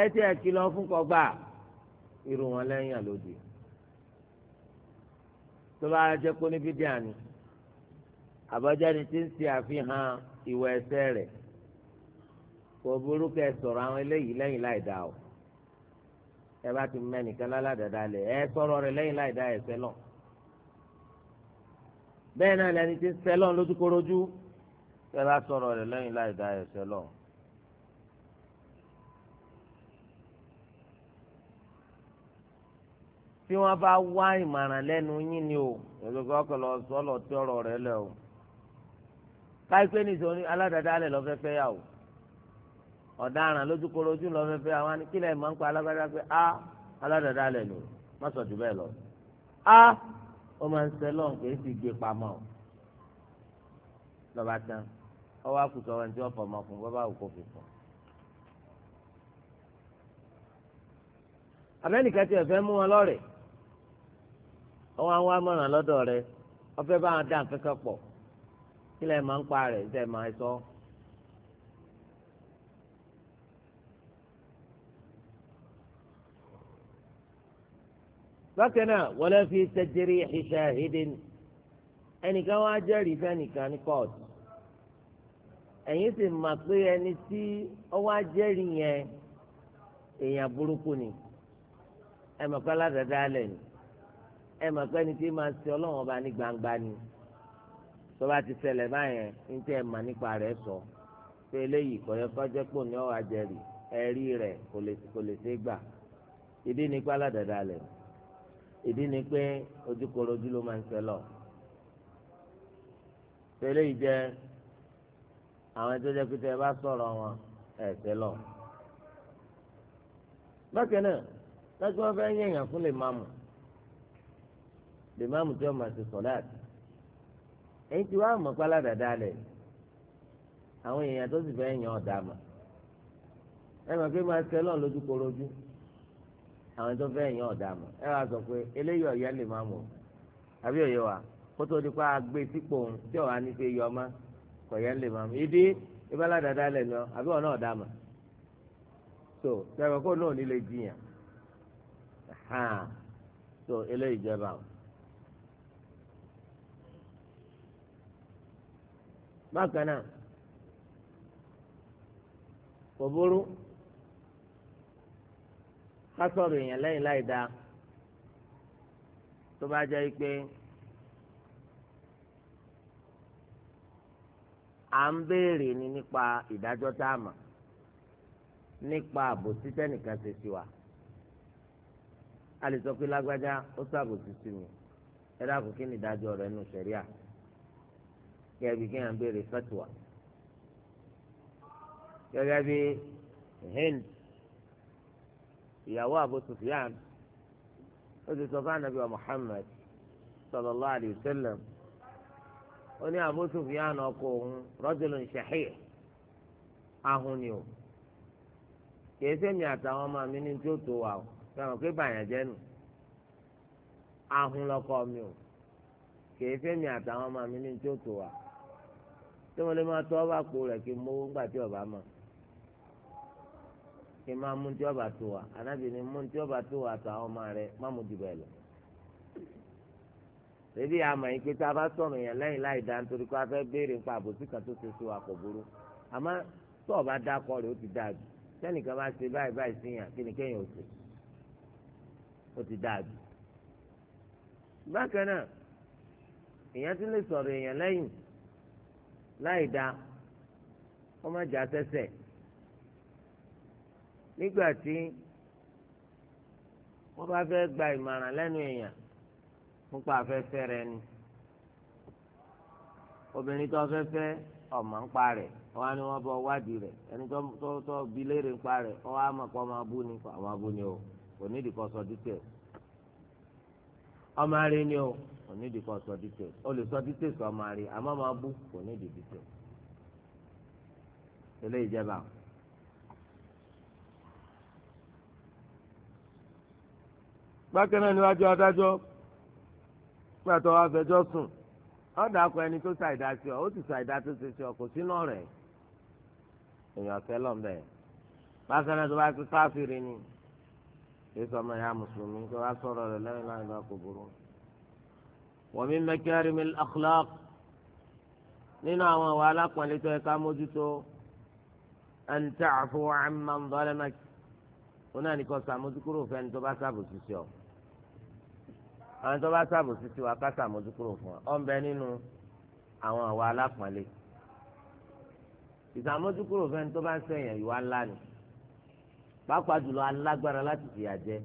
ẹ tí ẹ kìlọ̀ fún kọgbà irun wọn lẹ́yìn àlòdì tó bá jẹ́ pé ní fídíà ni àbájáde ti ń ṣe àfihàn ìwà ẹsẹ̀ rẹ̀ kò burúkú ẹ sọ̀rọ̀ àwọn eléyìí lẹ́yìn láì dá o ẹ bá ti mẹ́nìkan lálàdàdà lẹ̀ ẹ sọ̀rọ̀ rẹ̀ lẹ́yìn láì dá ẹsẹ̀ lọ bẹ́ẹ̀ náà lẹni ti ń sẹ́lọ̀ lójúkorojú ẹ bá sọ̀rọ̀ rẹ̀ lẹ́yìn láì dá ẹsẹ̀ lọ. tí wọ́n bá wá ìmọ̀ràn lẹ́nu yín ni o ìlúkọ ọkọlọ sọlọ tí rẹ lẹ o káyipé aládàáda alẹ lọfẹ o ọ̀daràn lójúkorojú lọfẹ fẹ àwọn anìkílẹ ń pa alágbádá pé a aládàáda alẹ lò má sọ jù lọ a ó máa ń sẹ kì í sì gbé o tán wọn fi ọwọ́ àwọn amọ̀ràn lọ́dọ̀ rẹ ọfẹ́ bá wọn dá nǹkankan pọ̀ kí lẹ́ẹ̀ máa ń pa rẹ̀ ṣe máa sọ. bákan náà wọlé fi tẹjẹrí ìṣe ìdí ẹnìkan wá jẹ́rìí fẹ́nìkan ní kóòtù ẹ̀yin sì pé ẹni tí yẹn èèyàn ẹ mọ̀ pé ẹni tí máa ṣe ọlọ́run ọba ní gbangba ni tó bá ti ṣẹlẹ̀ báyẹn ní tẹ́ ẹ mọ̀ nípa rẹ̀ sọ pé eléyìí kò yẹ kó jẹ́ pò ní ọ̀wà jẹ̀rì ẹ̀rí rẹ̀ kò lè ṣe gbà ìdí ni pé aládàáda lẹ̀ ìdí ni pé ojúkorojú ló máa ń ṣe lọ. pé eléyìí jẹ́ àwọn tó jẹ́ pé ẹ bá sọ̀rọ̀ wọn ẹ̀ lọ. bákan náà lọ́jọ́ fẹ́ yẹ̀yàn fún lè máa mọ̀ ìmáàmù tí wọ́n máa ti sọ̀láàtì ẹ̀yin tí wàá mọ̀ pálá dáadáa lẹ̀ àwọn èèyàn tó sì fẹ́ẹ́ yàn ọ̀dà mà ẹ mọ̀ pé máa ṣe lọ́n lójú korojú àwọn tó fẹ́ẹ́ yàn ọ̀dà mà ẹ wàá sọ pé eléyìí ọ̀yẹ́ lè àbí òye wa kó tó di agbé sípò tí ọ̀hà ní ṣe yọ ọmọ kọ̀yẹ́ lè ìdí ìbálá dáadáa lọ àbí ọ̀nà ọ̀dà mà so sẹ́wọ̀n kó náà nílé jiyàn so eléyìí jẹba o. bákan náà kò burú ká sọ̀rọ̀ èèyàn lẹ́yìn láì dáa tó bá jẹ́ pé à ń béèrè ni nípa ìdájọ́ tá a mọ̀ nípa àbòsí tẹ́nìkan ṣe sí wa a lè sọ pé lágbájá ó ṣàbòsí sí mi ẹ dákun kí ni ìdájọ́ rẹ̀ nù sẹ́ríà. gẹ́gẹ́ bí kéèyàn béèrè fẹ́tùwà gẹ́gẹ́ bí Hind ìyàwó Abu Sufyan ó ti sọ fún anabi wa Muhammad sallallahu alayhi wa sallam ó ní Abu Sufyan ọkọ òun rajulun shahih ni o kìí àtàwọn ọmọ mi ní tí ó tó wa o fẹ́ràn pé bàyàn jẹ́ nù ahun mi kìí tí mo lè máa tọ́ ọba kó rẹ̀ kí n mówó ńgbà tí ọba mọ̀ kí n máa mú tí ọba tó wa anábì ni mú tí ọba tó wa àtàwọn ọmọ rẹ má mú jù bẹ́ẹ̀ lọ. ṣèbí àmọ̀ yìí pé tá a bá sọ̀rọ̀ yẹn lẹ́yìn láì dá nítorí pé a fẹ́ béèrè nípa àbòsí kan tó ṣe sí wa kò burú àmọ́ tó ọba dákọ rẹ̀ ó ti dáa jù sẹ́nìkan bá ṣe báyìí báyìí sí yàn kí ni kéèyàn ò ṣe ó ti dáa jù. bákan náà èèyàn ti lè sọ̀rọ̀ láì ọ kó má jà sẹ́sẹ̀ nígbà tí wọ́n bá fẹ gba ìmọ̀ràn lẹnu èèyàn nípa afẹ́fẹ́ rẹ ni obìnrin tó fẹ́ ọmọ ń pa á ní bọ wádìí rẹ̀ ẹni tó tó bi léèrè ń pa ọmọ abú ni àwọn abú ni o kò sọ dúkìá kò di ìdíkọ sọ details ó lè sọ details ọmọ rẹ àmọ́ máa bú kò ní ìdí details ilé ìjẹba. bákan náà níwájú adájọ́ pàtó afẹjọ́ sùn ọ̀dà akọ ẹni tó ṣàìdá sí ọ ó sì ṣàìdá tó ṣe sí ọ kò sínú ọ̀rẹ́ èèyàn fẹ́ lọ́nbẹ̀ẹ́ náà tó bá ti káfíìrì ni èso ọmọ ìyá mùsùlùmí tó bá sọ̀rọ̀ lẹ́yìn wa min makarimil akhlaq nínú àwọn àwọn alápọ̀nlẹ́tọ́ ẹ̀ka mójútó an ta'fu amman zalamak wọn náà ní kó sàmójúkúrò fẹ́ni tó bá sàbòsí sí ọ àwọn tó bá sàbòsí sí wa ká sàmójúkúrò fún ọ ọ ń bẹ nínú àwọn àwọn alápọ̀nlẹ́ ìsàmójúkúrò fẹ́ni tó bá sẹ̀yìn ìwà ńlá ni pàápàá jùlọ alágbára láti fìyà jẹ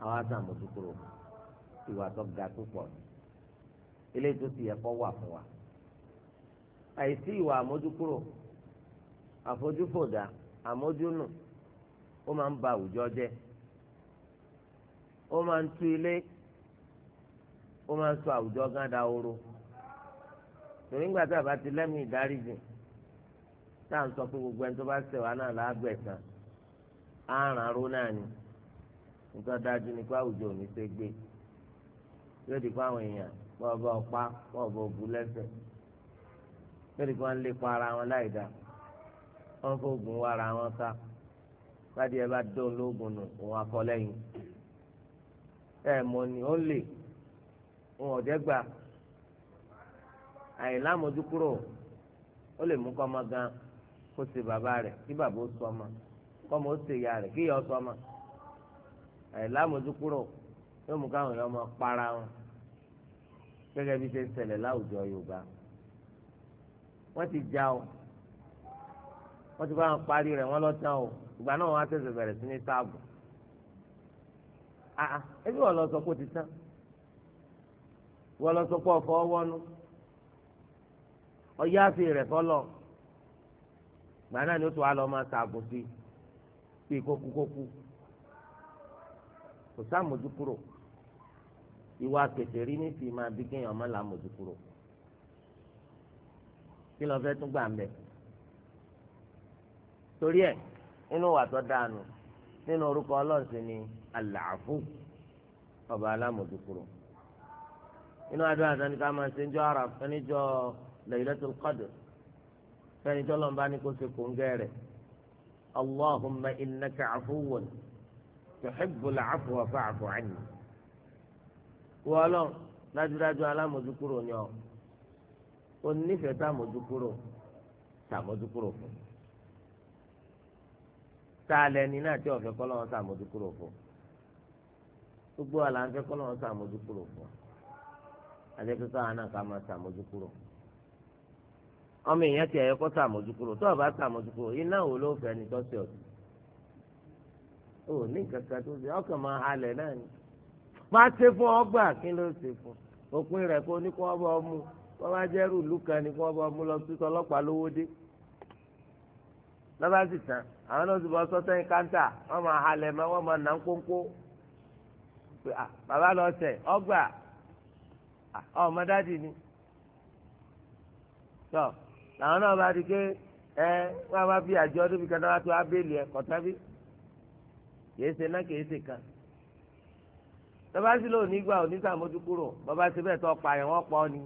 àwọn àsàmójúkúrò fún ìwà tó ga púpọ̀ eléyìí tó ti yẹ kó wà fún wa àìsí ìwà àmójúkúrò àfojúfòdà àmójúnù ó máa ń ba àwùjọ jẹ́ ó máa ń tú ilé ó máa ń sọ àwùjọ gán dahoro torí ńgbà tá a bá ti lẹ́mú ìdáríjì tá à ń sọ pé gbogbo ẹni tó bá ṣẹ̀ wá náà lágbẹ̀sán á ràn án ró náà ni nítorí dájú ni pé àwùjọ ò ní ṣe gbé. yóò di fún àwọn èèyàn wọ́n ọpa ọ̀pá wọ́n bá òbu lẹ́sẹ̀ yóò di fún lépa ara wọn láì dá wọ́n wọn ká ẹ bá dán lóògùn nù òun akọ lẹ́yìn ẹ mọ ni ó lè òun ọ̀jẹ́ gbà àìlámójúkúrò ó lè mú kọ́ ọmọ gan kó ṣe bàbá rẹ̀ kí bàbá ó sọ ọmọ kọ́ ọmọ ó ṣe ìyá rẹ̀ kí ìyá ó sọ ọmọ yóò mú káwọn èèyàn máa para wọn gẹ́gẹ́ bí ṣe ń ṣẹlẹ̀ láwùjọ Yorùbá wọ́n ti já o wọ́n ti bá wọn parí rẹ̀ wọ́n lọ́tàn o ìgbà náà wọ́n á tẹ̀sẹ̀ bẹ̀rẹ̀ sí ní táàbù àà ẹbí wọ́n lọ sọ pé ó ti tán wọ́n lọ sọ pé ọ̀fọ̀ wọ́nú ọyá fi rẹ̀ fọlọ́ ìgbà náà ni ó tún á lọ máa tààbù sí i bíi kókúkókú kò sáà mójú kúrò ìwà kẹsẹrí ní ti máa bí kéèyàn má làmójú kúrò kí lọ fẹ́ tún gbà ń bẹ torí ẹ nínú wà tó dànù nínú orúkọ Ọlọ́run sì ni àlàáfù ọba alámójú kúrò inú adó àtàní ká máa ṣe ń jọ ara fẹnijọ Laylatul Qadr fẹnijọ lọ́nba ni kò ṣe kò ń gẹ́ rẹ̀ Allahumma innaka afuwun tuhibbul afwa fa'fu anni. wọlọ dájúdájú alámójúkúrò ni ọ onífẹ̀ẹ́ tá mójúkúrò tá fún tá a náà tí ọ̀fẹ́ kọ́ lọ́wọ́ tá fún gbogbo àlàńfẹ́ kọ́ lọ́wọ́ tá mójúkúrò fún adékèké àwọn ká máa tá ọmọ èèyàn ti tó o bá tá iná wo ló ni tó ṣe o ní kankan tó ṣe ọkàn má ṣe fún ọgbà kí ló ṣe fún òpin rẹ̀ kó ní kó ọba ọmú kó bá jẹ́ rú kan ní kó ọba ọmú lọ sí ọlọ́pàá lówó dé lọ́ba sì tán àwọn náà sì bọ́ sọ́sẹ́yìn káńtà wọ́n máa halẹ̀ mọ́ wọ́n máa nà ń kónkó bàbá lọ ọgbà ọmọdádì ni tọ́ba sí lò nígbà onísàmójú kúrò bàbá ti bẹ́ẹ̀ tọ́ pa yẹn wọ́n pọ̀ ni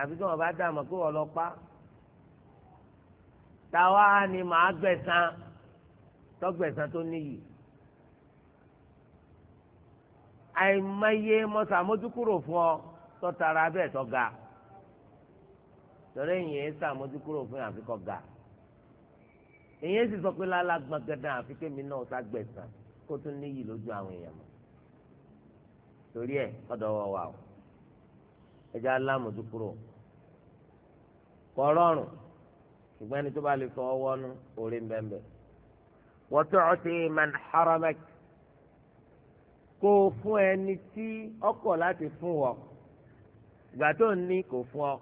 àfi tí wọ́n bá dà mọ́ pé wọ́n lọ pa táwa ni màá gbẹ̀san tọ́gbẹ̀san tó níyì àìmọye mọ́sàmójúkúrò fún ọ tọ́tara bẹ́ẹ̀ tọ́ ga tọ́lẹ́ yìí sàmójúkúrò fún àfi kọ́ ga èyí sì sọ pé lálá gbọ̀ngàn àfi kémi náà sá gbẹ̀san kó tún níyì lójú àwọn èèyàn mọ́ torí ẹ̀ ọ̀dọ̀ wọ̀ wà o ẹja alámòjú kúrò kọ́rọ́rùn ṣùgbọ́n ẹni tó bá lè fọ ọwọ́ nu orí ńbẹ́ńbẹ́ wọ́tọ́ ọtí man haramak kò fún ẹni tí ọkọ̀ láti fún wọ ìgbà tó ń ní kò fún ọ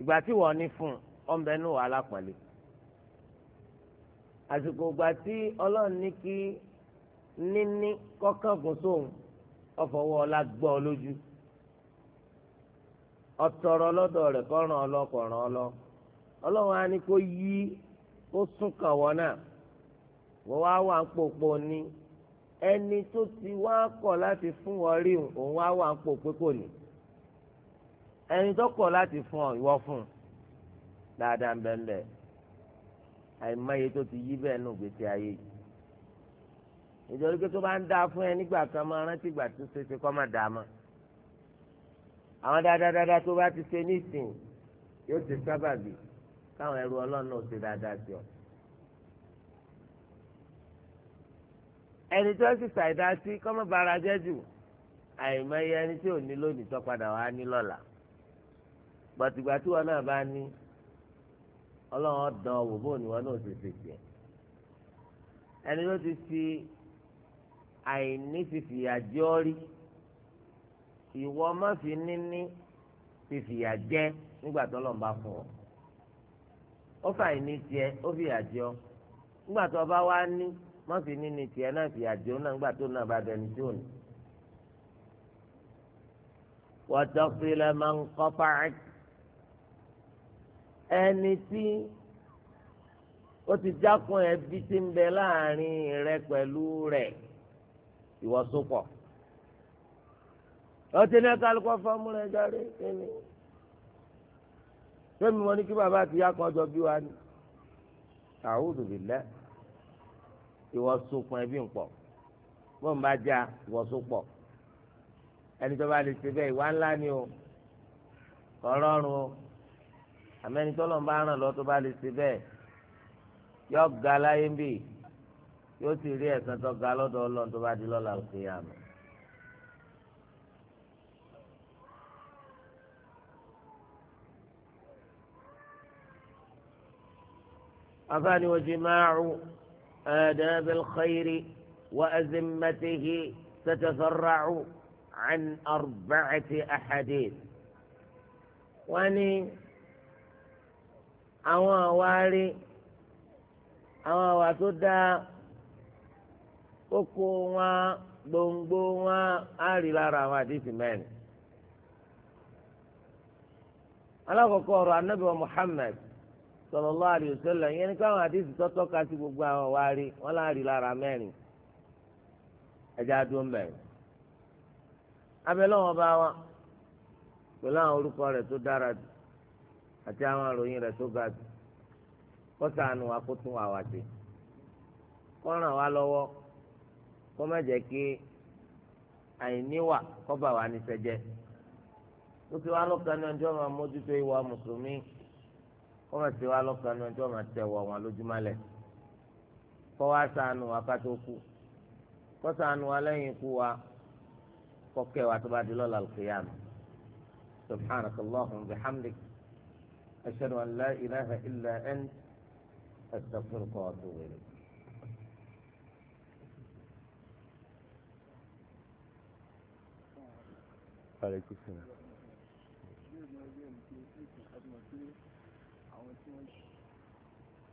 ìgbà tí wọ́n ní fún ọ̀nbẹ nù wà lápọ̀lẹ̀ àsìkò ìgbà tí ọlọ́run ní kí níní kọ́kàngùn sóun ọ̀fọwọ́ ọlá gbọ́ ọ lójú ọ̀tọ̀rọ̀ lọ́dọ̀ rẹ̀ kọ́ ràn ọ́ lọ kọ́ ràn ọ́ lọ ọlọ́run á ní kó yí kó sún kàn wọ́n náà wọ́n wá wà ń pòpò ní ẹni tó ti wá kọ̀ láti fún wọn rí òun wá wà ń pòpò kò ní ẹni tó kọ̀ láti fún ọ ìwọ fún dáadáa ń bẹ́ẹ̀ bẹ́ẹ̀ àìmọye tó ti yí bẹ́ẹ̀ nù gbèsè ayé yìí ìjọba pé tó bá ń dáa fún ẹ nígbà kan máa rántí ìgbà tó ṣe ṣe kọ́ máa a mọ́ àwọn dáadáa tó bá ti ṣe nísìnyí yóò ti sábàbí káwọn ẹrú ọlọ́run náà ṣe dáadáa sí ọ. ẹni tó sì ṣàìdá sí kọ́mọ́ bara jẹ́ jù àìmọye ẹni tí ò ní lónìí tó padà wá ní lọ́la gbàtìgbà tí wọn náà bá ní ọlọ́run ọ̀dàn wò bóun ni wọn náà ṣe ṣe tiẹ̀ ẹni tó ti fi àìní fìfìyàjẹ ọrí ìwọ má fi níní fìfìyàjẹ nígbà tó lọ́n bá fún ọ ó fà àìní tiẹ ó fìyàjẹ ọ nígbà tó bá wá ní má fi níní tiẹ náà fìyàjẹ ọ náà nígbà tó náà bá dẹni tí ò ní. وتصل من قطعك ẹni tí ó ti jákun ẹbí tí ń bẹ láàrin rẹ pẹ̀lú rẹ̀ ìwọ sopọ̀ ọtí ní kálukọ fọmù rẹ jáde kíni sẹmi wọn ni kí bàbá àti ìyá kan jọ bí wa ni àwùjọ bí lẹ ìwọ sopọ̀ ẹbí ń pọ̀ bọ́n bá já ìwọ sopọ̀ ẹni tó bá lè ṣe bẹ́ẹ̀ ìwà ńlá ni o kọ́rọ́rùn o àmẹ́ni tó lọ́n bá ràn lọ́ tó bá lè ṣe bẹ́ẹ̀ yọ gàlá yín bíi yóò sì rí ẹ̀san tó ga lọ́dọ̀ ọlọ́run tó bá di lọ́la òkè àmì. afaani wa jimaacu aadaabi alkhayri wa azimatihi satasaracu can arbacati axadiid. wọ́n àwọn àwárí àwọn àwà tó kókó wọn gbogbo wọn á rí lára àwọn àdìsí mẹ́rin. alákọ̀ọ́kọ́ ọ̀rọ̀ anábì wa Muhammad sallallahu alaihi wasallam yẹn ni káwọn gbogbo àwọn wa rí wọn lá rí lára mẹ́rin ẹ̀jẹ̀ adó mẹ́rin. abẹ́lẹ́wọ̀n bá wa pẹ̀lú àwọn orúkọ rẹ̀ tó dára jù àti àwọn àròyìn rẹ̀ tó ga jù kọ́sàánù wa kó má jẹ́ kí àìníwà kó bà wá ní sẹ́jẹ́ ó ti wá lọ́kàn ní ọjọ́ máa mójútó ìwà mùsùlùmí kó má ti wá lọ́kàn ní ọjọ́ máa tẹ̀wọ̀ wọn lójúmọ́lẹ̀ kó wá ṣàánú wa ká tó kú kó ṣàánú wa lẹ́yìn ikú wa kó kẹ́ wa tó bá di lọ́la al-qiyamah subhanakallahumma wa bihamdik ashhadu an la ilaha illa anta astaghfiruka wa atubu Aleykousselam.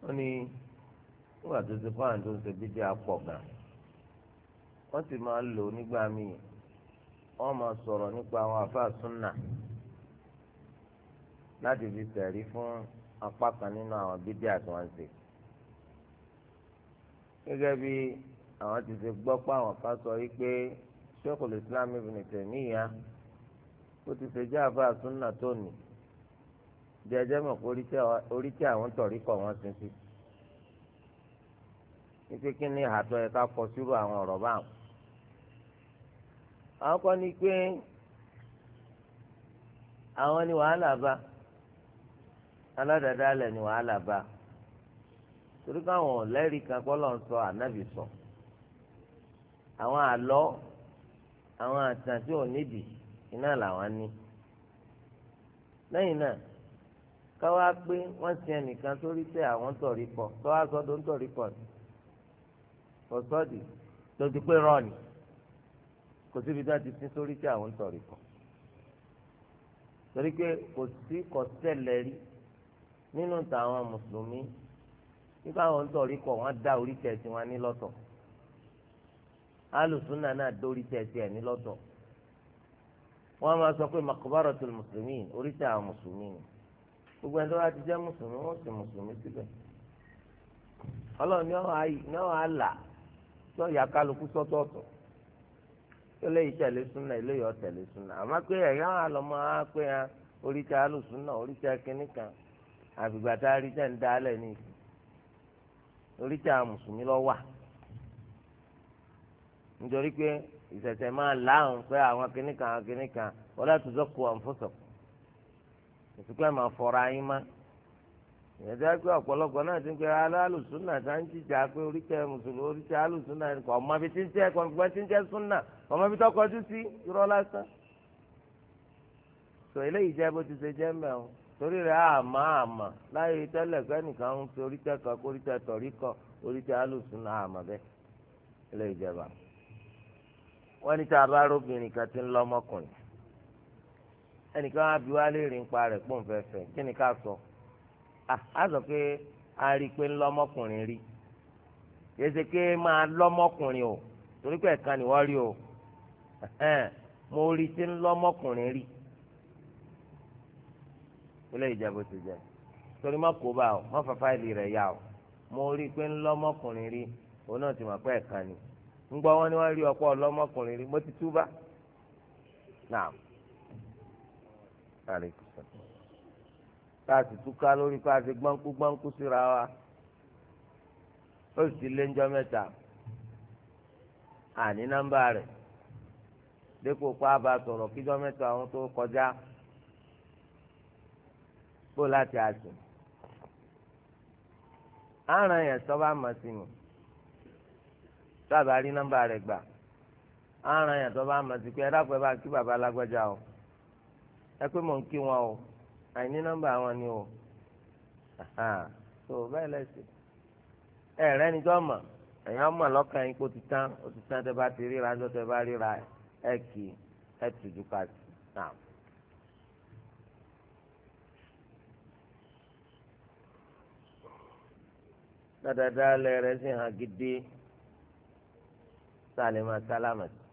wọ́n ní nígbà tó ti fáwọn tó ń ṣe ma wọ́n sì máa ń lò ó sọ̀rọ̀ nípa láti fún apaka nínú àwọn bíbí àti gẹ́gẹ́ bí àwọn ti ṣe gbọ́ pé àwọn kan ó ti ṣèjọ́ àfa súnà tó nì jẹjẹ mọ̀ pé orí tí àwọn tọ̀rí kọ̀ wọ́n sin sí ní pé kí ni àtọ̀ ẹ̀ka kọ sírò àwọn ọ̀rọ̀ báwọn. àwọn kan ní pé àwọn ni wàhálà bá aládàáda alẹ̀ ni wàhálà bá torí káwọn lẹ́rìí kan kọ́lọ̀ ń sọ ànábì sọ àwọn àlọ́ àwọn àtàn tí ò nídìí iná làwọn ní lẹ́yìn náà káwá pé wọ́n ti ẹnìkan tó rí pé àwọn tọ̀rí pọ̀ káwá sọ́dọ̀ ń tọ̀rí pọ̀ kò sọ́ọ̀dì tó ti pé rọ́ọ̀nì kò síbi tá a ti sin sórí tí àwọn tọ̀rí pọ̀ torí pé kò sí kọ́sẹ́lẹ̀ rí nínú tàwọn mùsùlùmí nípa àwọn tọ̀rí pọ̀ wọ́n dá orí tẹ̀sí wọn ní lọ́tọ̀ alùsùnà náà dórí tẹ̀sí ẹ̀ ní lọ́tọ̀. wọ́n máa sọ pé maqbaratul muslimin oríta àwọn mùsùlùmí gbogbo ẹni tó bá ti jẹ́ mùsùlùmí wọ́n sì mùsùlùmí síbẹ̀ ọlọ́run ní ọ̀ àlà tó yà kálukú sọ́tọ̀ọ̀tọ̀ eléyìí tẹ̀lé súnà eléyìí ọ̀tẹ̀lé súnà àmọ́ pé á pé ya oríta alùsúnà oríta kínní kan a ń dálẹ̀ ní oríta mùsùlùmí wà. nítorí pé ìṣẹ̀ṣẹ̀ máa láàrún pé àwọn kìnnìkan àwọn kìnnìkan wọ́n láti zọ́kù àǹfọ̀sọ̀ ìsìnkú máa fọra yín má ìyẹ̀dá pé ọ̀pọ̀lọpọ̀ náà ti ń pe alálùsúnà tá ń jìjà pé oríṣẹ́ mùsùlùmí oríṣẹ́ alùsúnà ń jẹ́ kọ̀ǹgbọ́n ń jẹ́ súnà ibi sí irọ́ lásán eléyìí jẹ́ bó ti ṣe jẹ́ torí rẹ̀ láyé tẹ́lẹ̀ ń oríṣẹ́ kan kó oríṣẹ́ wọ́n ní tá a bá róbìnrin kan ti ń lọ ọmọkùnrin ẹnìkan á bí wá léèrè ń pa rẹ̀ pọ̀ nfẹ̀fẹ̀ kí ni ká sọ á sọ pé a rí i pé ń lọ ọmọkùnrin rí kìí pé máa lọ ọmọkùnrin o torí pé ẹ̀ka ni wọ́n rí o mo rí i tí ń lọ ọmọkùnrin rí ilé ìjẹ́bù ti jẹ́ torí má kó bá o má fa fáìlì rẹ̀ yá o mo rí i pé ń lọ ọmọkùnrin rí òun náà ti mọ̀ pé ẹ̀ka ni. ń wọn ni wọ́n rí ọ̀pọ̀ ọlọ́mọkùnrin rí mo tá a sì túká lórí pé a ti gbọ́nkú gbọ́nkú síra wa ó sì ti lé ńjọ́ mẹ́ta àní rẹ̀ dépò pa á bá sọ̀rọ̀ kíjọ́ mẹ́ta tó kọjá sábà rí nọ́mbà rẹ̀ gbà aràn yàtọ̀ bá mọ̀ sí pé ẹ dákun ẹ bá kí bàbá alágbájá o ẹ pé mò ń kí wọn o àìní nọ́mbà wọn ni o tó bẹ́ẹ̀ lẹ́sìn ẹ rẹ́ ni jọ́ mọ̀ ẹ̀yàn mọ̀ lọ́kàn yín kó ti tán ó ti tán tẹ bá ti ríra ńjọ́ tẹ bá ríra ẹ kì í ẹ tùjú ká sí náà. dáadáa lẹ́rẹ̀ẹ́ hàn gidi sáà lè máa sálámà sí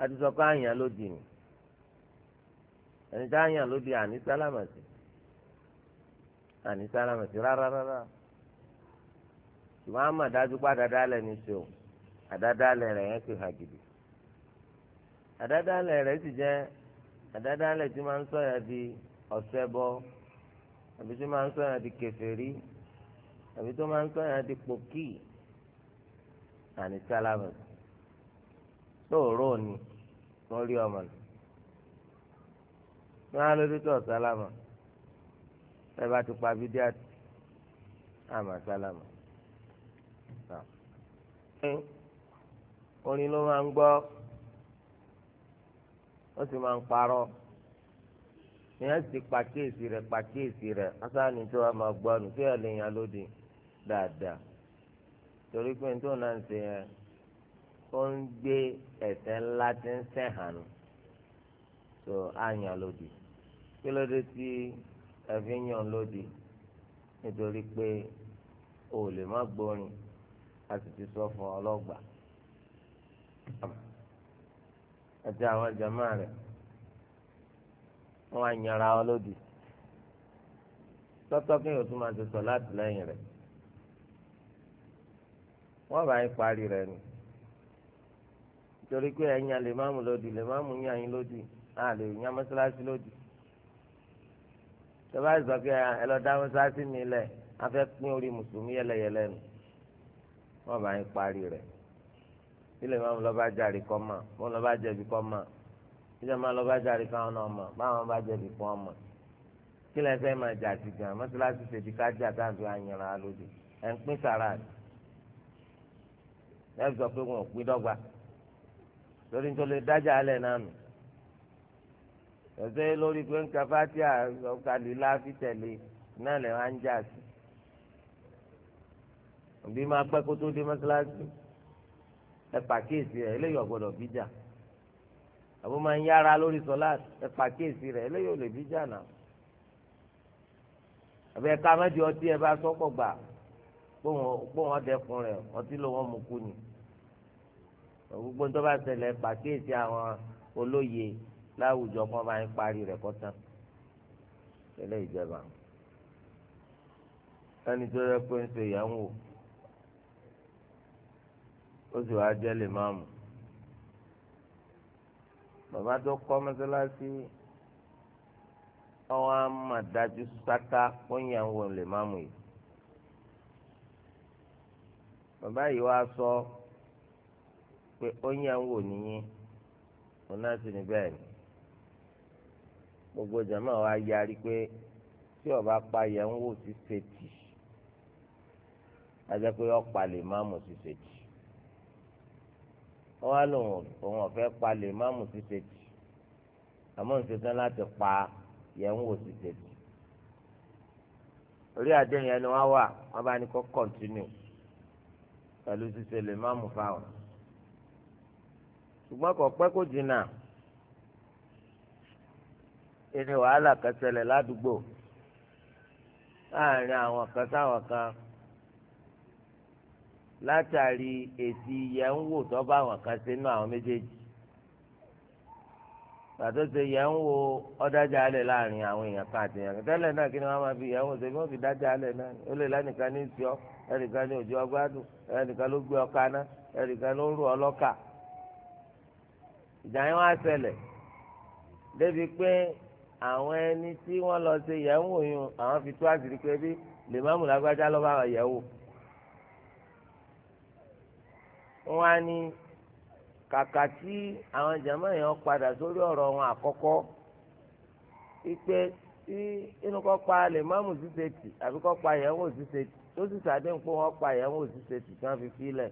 a ti sọ pé àyàn ló di ni ẹni tí àyàn ló di àní sálámà sí àní sálámà sí rárá rárá ṣùgbọ́n àmọ̀ dájú pé àdádálẹ̀ ni ṣe o àdádálẹ̀ rẹ̀ yẹn ti hà gidi àdádálẹ̀ rẹ̀ sì jẹ́ àdádálẹ̀ tí máa ń sọ̀yà di ọ̀ṣẹbọ àbí tí máa ń sọ̀yà di kèfèrí àbí tó máa ń sọ̀yà di pòkì. àní sálámù ni wọ́n rí ọmọ nù wọ́n lórí tó sálámù ẹ bá ti pa fídíò àti àmà sálámù orin ló máa ń gbọ́ ó sì máa ń parọ́ ìyẹn sì pàkíyèsí rẹ̀ pàkíyèsí rẹ̀ ọ̀sán ni tí wọ́n máa gbọ́ nù tí ẹ̀ lè yan lóde dáadáa. torí pé ní tó náà ń ṣe yẹn ó ń gbé ẹ̀ṣẹ̀ ńlá tí ń sẹ̀hànù tó àyàn lòdì kí ló dé tí ẹ fi ń yàn lòdì nítorí pé o lè má gbórin a sì ti sọ fún ọlọ́gbà àti àwọn jàmáà rẹ̀ wọ́n á yanra ọ lòdì tọ́tọ́ kí yóò tún máa ti sọ láti lẹ́yìn rẹ̀ wọ́n bá yín parí rẹ̀ ni torí pé ẹ̀yin àlè máàmù lòdì lè máàmù yín àyín lòdì àlè yín amọ́sálásí lòdì tọ́ba ìgbà pé ẹ lọ dá amọ́sálásí mi lẹ̀ afẹ́ pín orí mùsùlùmí yẹlẹyẹlẹ nù wọ́n bá yín parí rẹ̀ ilé máàmù lọ́ba jàre kọ́ mà wọ́n lọ́ba jẹ̀bi kọ́ mà ilé máàmù lọ́ba jàre káwọn náà mà báwọn bá jẹ̀bi kọ́ mà kí lẹ́sẹ̀ máa jà sí gan amọ́sálásí ṣèdíkà lẹ́yìn sọ pé wọn ò pín dọ́gba lórí tó lè dájà alẹ́ náà nù ẹ̀sẹ̀ lórí pé ń ka fatia ọ̀kadì láàfi tẹ̀lé náà lè wá ń jà sí òbí máa pẹ́ kó tó dé mọ́sálásí ẹ pàkíyèsí rẹ̀ eléyìí ọ̀gbọ́dọ̀ bí jà àbó máa ń yára lórí sọlá ẹ pàkíyèsí rẹ̀ eléyìí ò lè bí jà náà àbẹ̀ mẹ́jọ ọtí ẹ bá sọ́kọ̀ gbà pọ́n wọn dẹkùn rẹ̀ ọtí ló wọ́n mú kú ni gbogbo tó bá ṣẹlẹ̀ pàkíyèsí àwọn olóye láwùjọ kan bá ń parí rẹ̀ kọ́tán tẹ́lẹ̀ ìjọba ẹni tó yẹ pé ń ṣe ìyàwó ó sì wá jẹ́ lè máa mú bàbá tó kọ́ mọ́sálásí ọ̀hún á sáká fún ìyàwó lè máa mú yìí bàbá yìí wá sọ pé ó ń yà ń wò nìyí òun náà sì ní bẹ́ẹ̀ ni gbogbo jama wa yarí pé tí ọba pa yẹ ń wò sí ṣètì ajẹ́ pé ọ̀pá lè má mú sí ṣètì wọ́n á lòun òun ọ̀fẹ́ pa lè má mú sí ṣètì àmọ́ ìṣetán láti pa yẹ ń wò sí ṣètì orí àdéhùn yẹn ni wọ́n wà wọ́n bá ní kó kọ́ntínú pẹ̀lú ṣíṣe lè má mú fáwọn. ṣùgbọ́n kò pẹ́ kó jìnnà ìní wàhálà kan ṣẹlẹ̀ ládùúgbò láàrin àwọn kan sáwọn kan látàrí èsì ìyẹn ń wò tó bá àwọn kan sínú àwọn méjèèjì. pàtó ṣe yẹn wo ọ̀dájà alẹ̀ láàrin àwọn èèyàn kan àti èèyàn tẹ́lẹ̀ náà kí ni wọ́n máa fi yẹn wo ṣèbí wọ́n fi dájà alẹ̀ náà ó lè lẹ́nìkan ní ìṣọ́ ẹnìkan ní òjò ọgbádùn ẹnìkan ló gbé náà ẹnìkan ló ń ọlọ́kà ìjà yẹn àwọn ẹni tí wọ́n lọ ṣe yẹn wò yun àwọn fi tó àṣírí pé bí lèmọ́mù lágbájá lọ́ bá wò kàkà tí àwọn jàmá yẹn padà sórí ọ̀rọ̀ wọn àkọ́kọ́ ipe tí inú kọ́ pa lè máàmù sí ṣètì àbí kọ́ pa yẹn wò sí ṣètì tó sì sàdéhùn pé wọ́n pa yẹn wò sí ṣètì tí wọ́n fi filẹ̀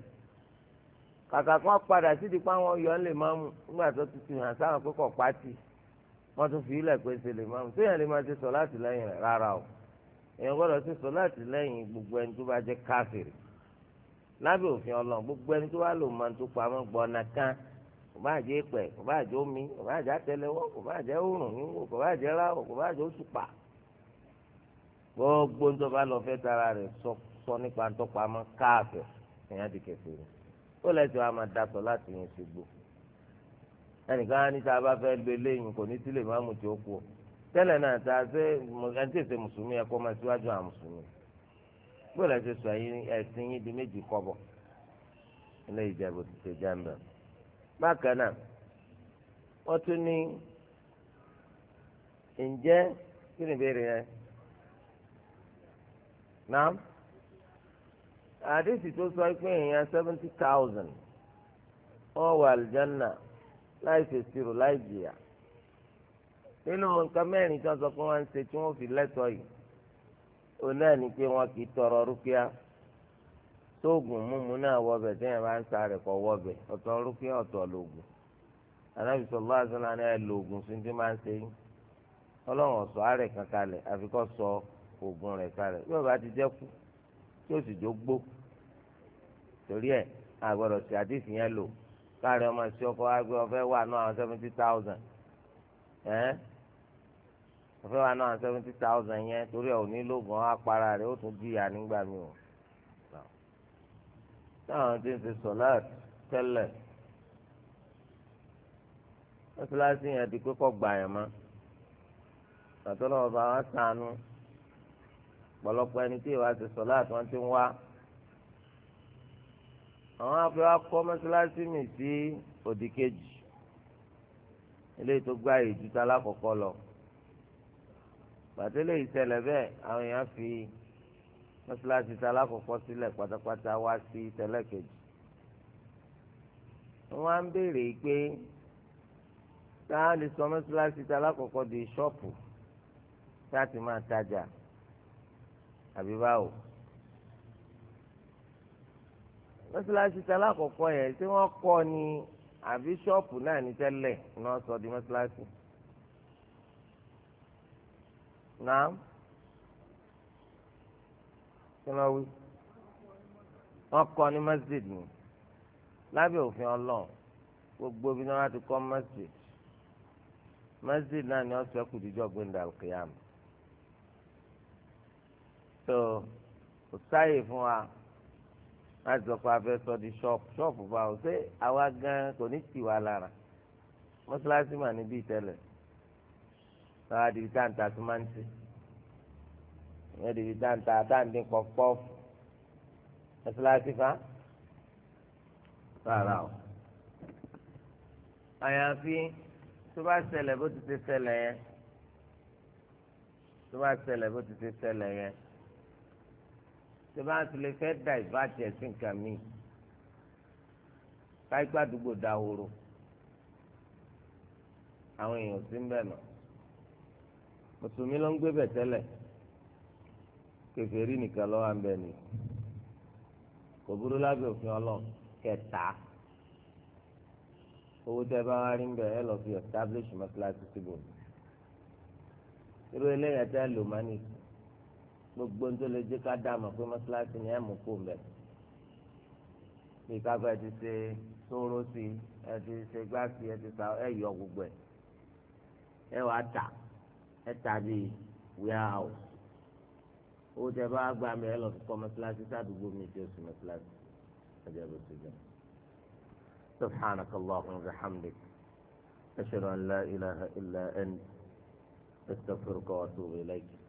kàkà kan padà sídi pé àwọn yọ̀ ń lè máàmù nígbà tó ti fi hàn sáwọn pé kọ̀ pátì wọ́n tún fi ilẹ̀ pé ṣe tó yẹn lè máa ṣe sọ láti lẹ́yìn rẹ̀ rárá o èèyàn gbọ́dọ̀ ṣe sọ láti lẹ́yìn gbogbo ẹni tó bá jẹ́ káfíìrì lábẹ́ òfin ọlọ́run gbogbo ẹni tó wá lò máa ń tó pamọ́ gbọ́nà kan kò bá jẹ́ ìpẹ́ kò bá jẹ́ omi kò bá jẹ́ àtẹlẹwọ́ kò bá jẹ́ òrùn níwò kò bá jẹ́ ráwọ̀ kò bá jẹ́ òṣùpá gbogbo ń tó bá lọ fẹ́ tara rẹ̀ sọ nípa ń tó pamọ́ káàfẹ́ ìyẹn ti kẹfẹ́ rẹ̀ ó lẹ́sẹ̀ wa máa dasọ láti yẹn ṣùgbọ́ ẹnìkan á ní tá a bá fẹ́ lo eléyìí kò ní sílẹ̀ máàmù tí ó kú tẹ́lẹ̀ náà tá a ṣe ẹni tí èsè gbọ́dọ̀ ṣe sọ ẹ̀sìn yín di méjì kọ́bọ̀ ilé ìjẹ́bù ti ṣe jàǹbá. bákan náà wọ́n tún ní ǹjẹ́ kí ni ìbéèrè yẹn náà àdéhùn tó sọ pé èèyàn seventy thousand ó wà àlùjánnà láì fèsìrò láì jìyà nínú nǹkan mẹ́rin tí wọ́n sọ pé wọ́n ń ṣe tí wọ́n fi lẹ́tọ̀ọ́ yìí. òun náà ni pé wọn kì í tọrọ rúkìá tóògùn mímu náà wọbẹ̀ téèyàn bá ń sáré kọ wọbẹ̀ ọtọ rúkìá ọtọ lóògùn anábì sọlá àzọlá ni ẹ lo sí ti máa ń ṣe yín ọlọ́run ọ̀sọ́ àárẹ̀ kankan lẹ̀ àfi sọ oògùn rẹ̀ ti tí ó sì jó gbó torí àgbọ̀dọ̀ sí àdìsí yẹn lò káàrin ọmọ sí ọkọ̀ wá gbé ọfẹ́ òfin wa náà seventy thousand yẹn torí ẹ ò ní lóògùn apara rẹ ó tún jìyà nígbà mi o táwọn ti ń ṣe sọláàt tẹ́lẹ̀ mọ́sálásí yẹn di pé kọ́ gbà yẹn mọ́ àtọ́nà ọba wa sànú pọ̀lọpọ̀ ẹni tí ìwà ṣe sọláàt wọ́n ti ń wá àwọn afẹ́ wa kọ́ mọ́sálásí mi sí òdìkejì ilé tó gbá ìjútà lákọ̀ọ́kọ́ lọ pàtẹ́lẹ̀ ìṣẹ̀lẹ̀ bẹ́ẹ̀ àwọn èèyàn fi mọ́ṣáláṣí tí alákọ̀ọ́kọ́ sílẹ̀ pátápátá wá sí tẹ́lẹ̀ kejì wọ́n á ń béèrè pé tá a lè sọ mọ́ṣáláṣí tí alákọ̀ọ́kọ́ di ṣọ́ọ̀pù tá a ti máa tajà àbí báwo mọ́ṣáláṣí tí alákọ̀ọ́kọ́ yẹn tí wọ́n kọ́ ni àbí ṣọ́ọ̀pù náà ní tẹ́lẹ̀ ni wọ́n sọ di mọ́ṣáláṣí náà kí wọ́n wí wọ́n kọ́ ní masjid ni lábẹ́ òfin ọlọ́run gbogbo bí wọ́n ti kọ́ masjid masjid náà ni wọ́n sọ kù dídọ́ gbẹ̀ndà alqiyam tó kò sáyè fún wa láti sọ pé a fẹ́ sọ di ṣọ́ọ̀pù ṣọ́ọ̀pù báwo ṣé àwa gan kò ní tì wá lára mọ́ṣáláṣí mà níbí tẹ́lẹ̀ náà adìrí táǹtà tó máa ń tì ìyẹn adìrí táǹtà táǹdì pọ̀pọ̀ mọ́sálásí fa rárá o àyàfi tó bá ṣẹlẹ̀ bó ti ti ṣẹlẹ̀ yẹn tó bá ṣẹlẹ̀ bó ti ti ṣẹlẹ̀ yẹn tó bá ti lè fẹ́ dà ìbátẹ̀ sí nǹkan míì káyipá àdúgbò dahoro àwọn èèyàn sí ń bẹ̀ náà mùsùlùmí ló ń gbé bẹ̀ tẹ́lẹ̀ kèfèrí nìkan lọ́wọ́ à ń bẹ̀ ni kò burú lábẹ́ òfin ọlọ́run kẹta owó tẹ́ bá wá rí ń bẹ̀ ẹ lọ́ọ́ fi establish mọ́tíláṣí síbò irú eléyà tẹ́ lò má ní gbogbo ń tó lè jẹ́ ká dá mọ̀ pé mọ́tíláṣí ni ẹ̀ mú kó mbẹ̀ bí káfíń ẹ ti ṣe sóró sí ẹ ti ṣe gbá ẹ ti sà ẹ yọ gbogbo ẹ ẹ wàá tà. ẹ tàbí warehouse owó tẹ bá gba mi ẹ lọ fi kọ́ mọ́sálásí sádùúgbò mi tí o sì mọ́sálásí ẹjẹ bó ti jẹ. سبحانك اللهم وبحمدك أشهد أن لا إله إلا أنت أستغفرك وأتوب إليك